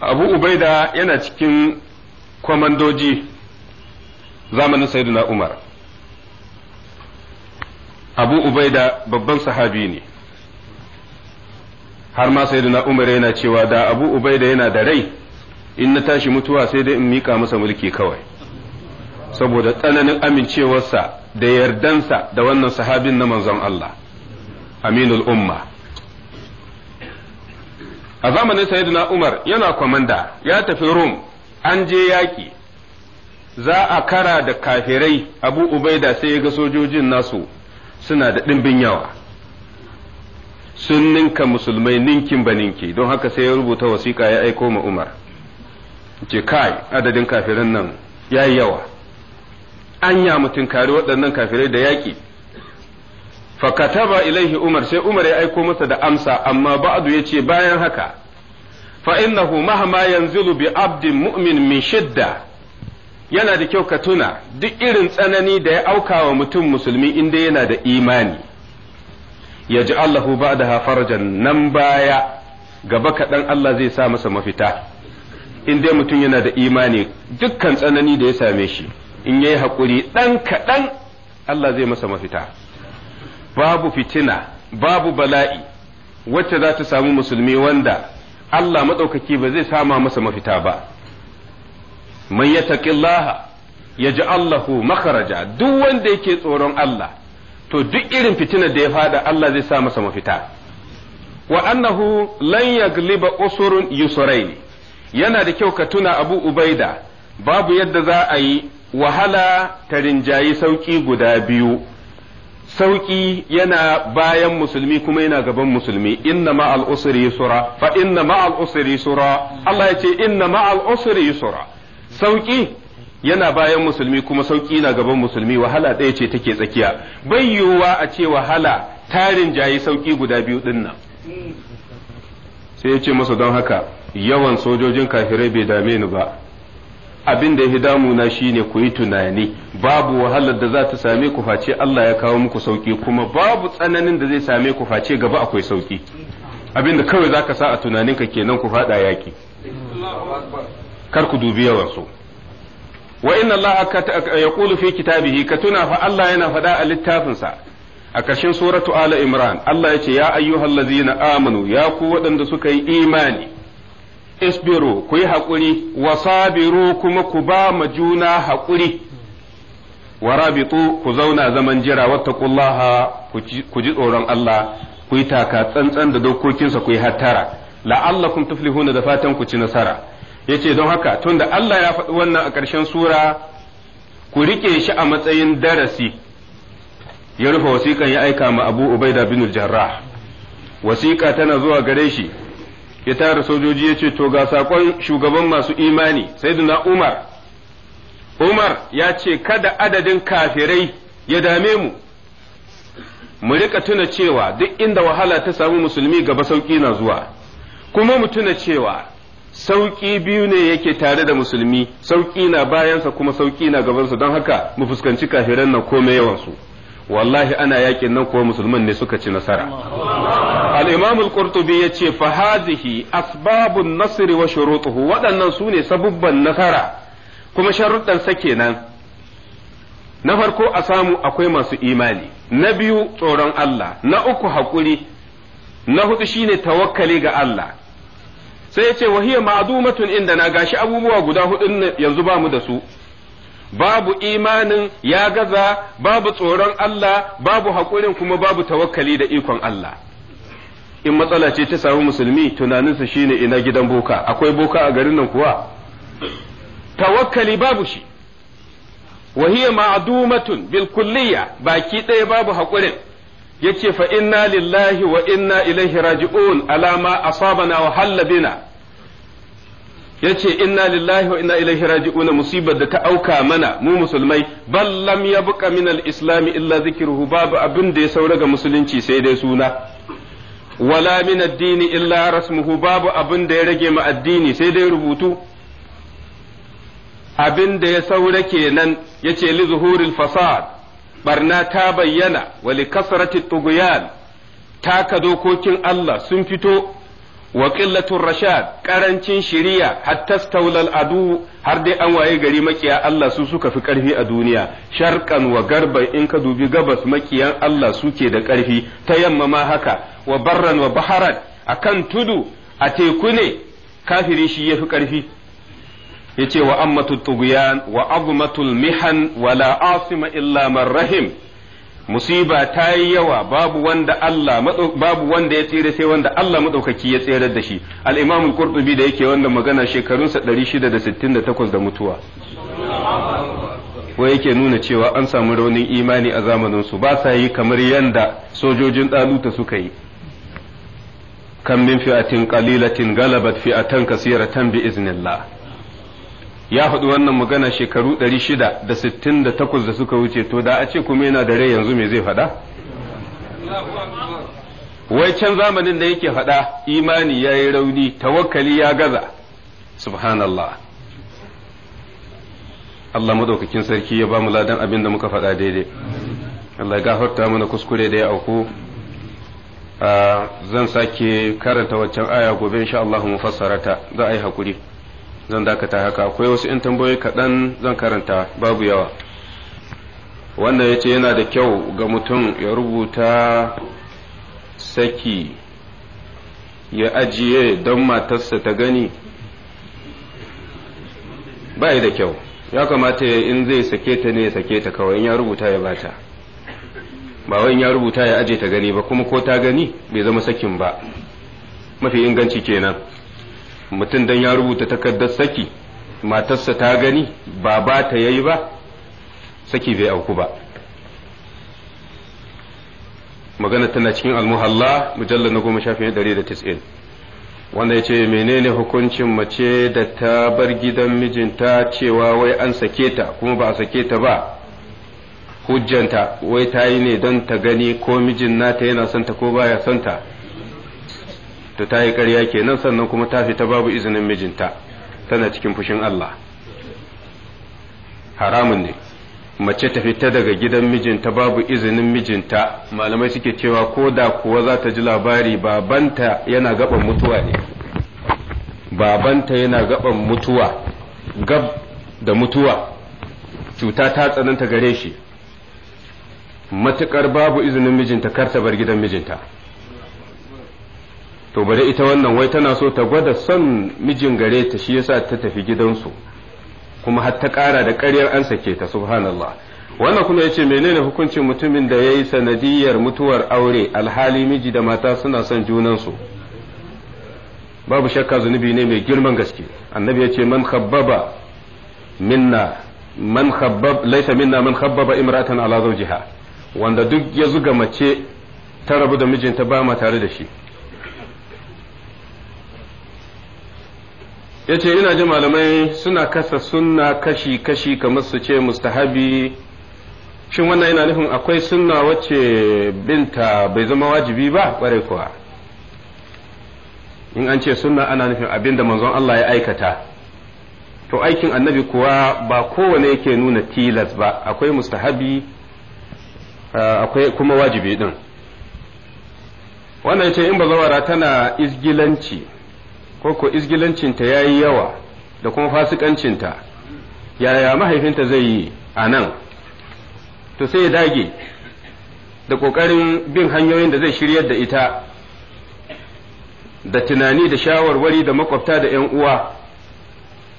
abu ubaida yana cikin kwamandoji zamanin sayyidina umar abu ubaida babban sahabi ne har ma na Umar yana cewa da Abu Ubaida yana da rai in na tashi mutuwa sai dai in mika masa mulki kawai saboda tsananin amincewarsa da yardansa da wannan sahabin na manzon Allah aminul umma a zamanin sayyidina Umar yana kwamanda ya tafi Rum an je yaƙi za a kara da kafirai Abu Ubaida sai ya ga sojojin nasu suna da ɗimbin yawa sun ninka musulmai ninkin ba ninki don haka sai ya rubuta wasiƙa ya aiko ma Umar ce kai adadin kafirin nan ya yi yawa anya mutum kare waɗannan kafirai da yaƙi kataba ilaihi Umar sai Umar ya aiko masa da amsa amma Ba'adu ya ce bayan haka fa innahu mahma yanzilu bi abdin mu'min min shidda yana da kyau ka tuna duk irin tsanani da ya auka wa mutum musulmi inda yana da imani ya ji Allahu da hafarjan nan baya gaba kaɗan Allah zai sa masa mafita in dai mutum yana da imani dukkan tsanani da ya same shi in yayi haƙuri ɗan kaɗan Allah zai masa mafita babu fitina babu bala'i wacce za ta samu musulmi wanda Allah maɗaukaki ba zai sama masa mafita ba man yattaqillaha yaji allahu makaraja duk wanda yake tsoron Allah to duk irin fitinar da ya fada Allah zai sa masa mafita wa annahu lan yagliba usurun yusrain yana da kyau ka tuna Abu Ubaida babu yadda za a yi wahala ta rinjayi sauki guda biyu sauki yana bayan musulmi kuma yana gaban musulmi inna ma al usri yusra fa inna ma al usri yusra Allah ya ce inna ma al usri yusra sauki yana bayan musulmi kuma sauki na gaban musulmi wahala ɗaya ce take tsakiya bai yiwuwa a ce wahala tarin jayi sauki guda biyu ɗin nan sai ya ce masa don haka yawan sojojin kafirai bai dame ni ba abin da ya damuna shine ku yi tunani babu wahalar da za ta same ku face Allah ya kawo muku sauki kuma babu tsananin da zai same ku face gaba akwai sauki abin da kawai ka sa a tunaninka kenan ku faɗa yaki kar ku dubi yawan su wa inna Allah yaqulu fi kitabihi ka tuna fa Allah yana faɗa a littafinsa a ƙarshen suratu ala imran Allah ya ce ya ayyuhallazina amanu ya ku waɗanda suka yi imani isbiru ku yi haƙuri wa kuma ku ba ma juna haƙuri wa ku zauna zaman jira wattaqullaha ku ji tsoron Allah ku yi taka tsantsan da dokokinsa ku yi hattara la'allakum tuflihuna da fatan ku ci nasara yace don haka tunda Allah ya faɗi wannan a ƙarshen sura ku rike shi a matsayin darasi ya rufe wasiƙan ya aika ma Abu Ubaida bin Jarrah wasiƙa tana zuwa gare shi ya tara sojoji yace to ga sakon shugaban masu imani sayyidina Umar Umar ya ce kada adadin kafirai ya dame mu mu rika tuna cewa duk inda wahala ta samu musulmi gaba sauƙi na zuwa kuma mu tuna cewa sauƙi biyu ne yake tare da musulmi sauƙi na bayansa kuma sauƙi na gabansa don haka mu fuskanci kafiran nan komai yawansu wallahi ana yakin nan kuwa musulman ne suka ci nasara al-imam al-qurtubi yace fa hadhihi asbabun nasr wa shurutuhu waɗannan su ne sabubban nasara kuma sharuɗan sa kenan na farko a samu akwai masu imani na biyu tsoron Allah na uku haƙuri na hudu shine tawakkali ga Allah sai ya ce wahiya ma'azumatun inda na gashi abubuwa guda hudun yanzu ba mu da su babu imanin ya gaza babu tsoron Allah babu haƙurin kuma babu tawakkali da ikon Allah in matsala ce ta samu musulmi tunaninsa shine ina gidan boka akwai boka a garin nan kuwa tawakkali babu shi wahiya ma'adumatun bil kulliya baki ɗaya babu hakurin yace fa inna lillahi wa inna ilaihi raji'un alama asabana wa hallabina yace inna lillahi wa inna ilaihi raji'un musibar da ta auka mana mu musulmai bal lam yabqa min al-islam illa zikruhu babu abin da ya saura ga musulunci sai dai suna wala min addini illa rasmuhu babu abin da ya rage ma addini sai dai rubutu abin da ya saura kenan yace li zuhuril fasad barna ta bayyana wali kasarati tuguyan taka dokokin Allah sun fito wa qillatu rashad karancin shiriya hatta staulal adu har dai an waye gari makiya Allah su suka fi karfi a duniya sharqan wa garban in ka dubi gabas makiyan Allah suke da karfi ta yamma ma haka wa barran wa baharan akan tudu a teku ne kafiri shi yafi karfi yace wa ammatu tughyan wa azmatul mihan wala asima illa man rahim musiba ta yi yawa babu wanda Allah babu wanda ya tsira sai wanda Allah madaukaki ya tsira da shi al-imam al-qurtubi da yake wannan magana shekarunsa 668 da mutuwa ko yake nuna cewa an samu raunin imani a zamanin su ba sa yi kamar yanda sojojin daluta suka yi kan min fi'atin qalilatin galabat fi'atan kasiratan bi iznillah ya faɗi wannan magana shekaru 668 da suka wuce to da a ce kuma yana da rai yanzu me zai faɗa wai can zamanin da yake faɗa imani ya yi rauni tawakkali ya gaza subhanallah Allah maɗaukakin sarki ya ba mu ladan abin da muka faɗa daidai Allah ya gafarta mana kuskure da ya auku ah, zan sake karanta waccan aya gobe insha Allah mu fassara ta za a yi hakuri zan dakata haka akwai wasu 'yan tambayoyi kaɗan zan karanta babu yawa wanda ya ce yana da kyau ga mutum ya rubuta saki ya ajiye don matarsa ta gani ba da kyau ya kamata in zai sake ta ne sake ta kawai in ya rubuta ya bata ba wai ya rubuta ya aje ta gani ba kuma ko ta gani bai zama sakin ba mafi inganci kenan mutum dan ya rubuta takardar saki matarsa ta gani ba ba ta yayi ba saki bai auku ba magana tana cikin almuhalla mujallar na goma shafin 190 da tis'in wanda ya ce menene hukuncin mace da ta bar gidan mijinta cewa wai an sake ta kuma ba a sake ta ba hujjanta wai ta yi ne don ta gani ko mijin nata yana son ko baya son ta to ta yi ƙarya kenan sannan kuma ta fita babu izinin mijinta tana cikin fushin Allah haramun ne mace ta fita daga gidan mijinta babu izinin mijinta malamai suke cewa ko da kuwa za ta ji labari babanta yana gaban mutuwa ne babanta yana gaban mutuwa gab da mutuwa cuta ta tsananta gare shi matuƙar babu izinin mijinta kar ta bar gidan mijinta to bare ita wannan wai tana so ta gwada son mijin gare ta shi yasa ta tafi gidansu kuma har ta ƙara da ƙaryar an sake ta subhanallah wannan kuma yace menene hukuncin mutumin da yayi sanadiyar mutuwar aure alhali miji da mata suna son junansu babu shakka zunubi ne mai girman gaske annabi yace man khabbaba minna man khabbab laysa minna man khabbaba imra'atan ala zawjiha wanda duk ya zuga mace ta rabu da mijinta ba ma tare da shi ya ce ina ji malamai suna kasa sunna kashi-kashi kamar su ce mustahabi shin wannan yana nufin akwai sunna wacce binta bai zama wajibi ba ƙwarai kuwa in an ce sunna ana nufin abin da manzon Allah ya aikata to aikin annabi kuwa ba kowane yake nuna tilas ba akwai mustahabi ah, akwai kuma wajibi din wannan ce in ba zawara tana izgilanci ko ko izgilancinta ya yi yawa da kuma fasikancinta yaya mahaifinta zai yi a nan to sai ya dage da ƙoƙarin bin hanyoyin da zai shiryar da ita da tunani da shawarwari da makwabta da ‘yan uwa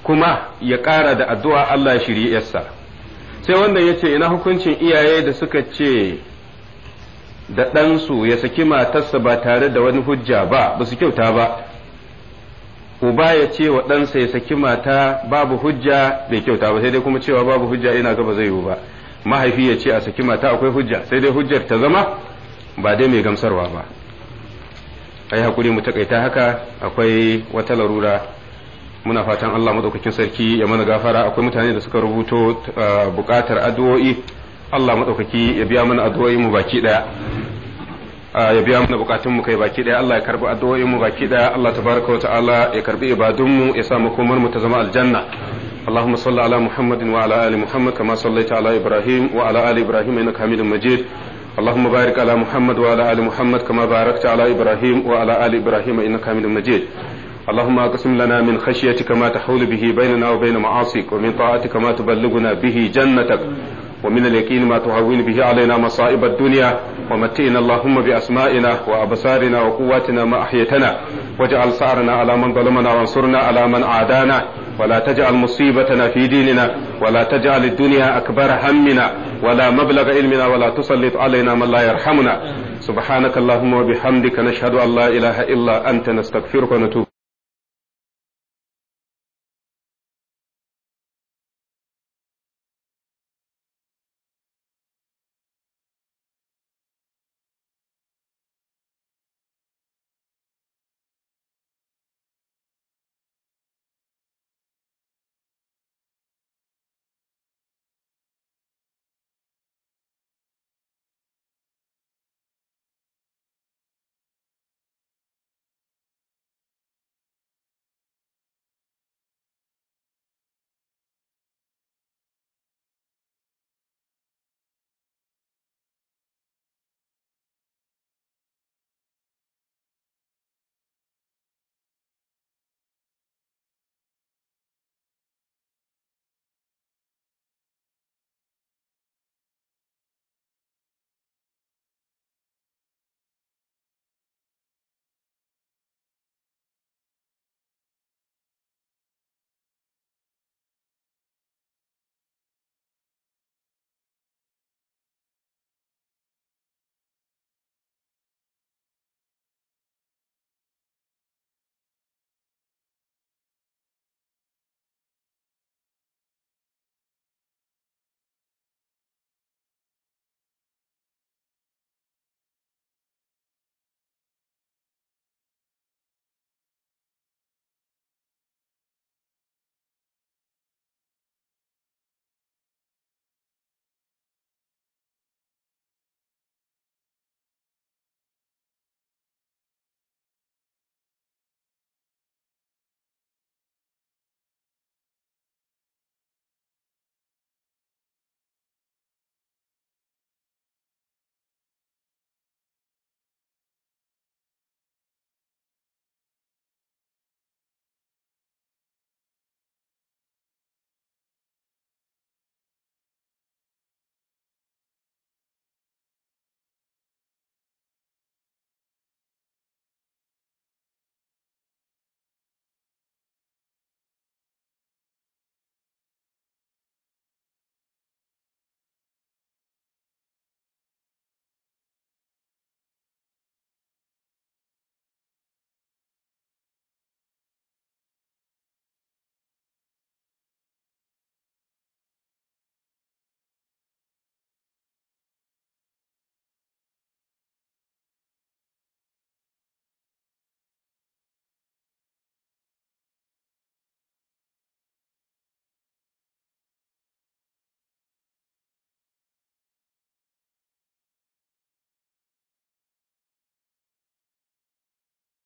kuma ya ƙara da addu'a Allah shirye yarsa sai wannan ya ce ina hukuncin iyaye da suka ce da ɗansu ya saki matarsa ba tare da wani hujja ba ba su kyauta ba uba ya ce wa ɗansa ya saki mata babu hujja bai kyauta ba sai dai kuma cewa babu hujja ina ga ba zai yiwu ba mahaifi ya ce a saki mata akwai hujja sai dai hujjar ta zama ba dai mai gamsarwa ba ai hakuri mu takaita haka akwai wata larura muna fatan Allah madaukakin sarki ya mana gafara akwai mutane da suka rubuto eh, bukatar addu'o'i Allah madaukaki ya biya mana addu'o'i mu baki ɗaya. ya biya mana bukatun mu kai baki daya Allah ya karbi addu'o'in mu baki daya Allah tabaraka wa ta'ala ya karbi ibadun mu ya sa makomar mu ta zama aljanna اللهم صل على محمد وعلى ال محمد كما صليت على ابراهيم وعلى ال ابراهيم انك حميد مجيد اللهم بارك على محمد وعلى ال محمد كما باركت على ابراهيم وعلى ال ابراهيم انك حميد مجيد اللهم اقسم لنا من خشيتك ما تحول به بيننا وبين معاصيك ومن طاعتك ما تبلغنا به جنتك ومن اليقين ما تهون به علينا مصائب الدنيا ومتئنا اللهم بأسمائنا وأبصارنا وقواتنا ما أحيتنا واجعل سعرنا على من ظلمنا وانصرنا على من عادانا ولا تجعل مصيبتنا في ديننا ولا تجعل الدنيا أكبر همنا ولا مبلغ علمنا ولا تسلط علينا من لا يرحمنا سبحانك اللهم وبحمدك نشهد أن لا إله إلا أنت نستغفرك ونتوب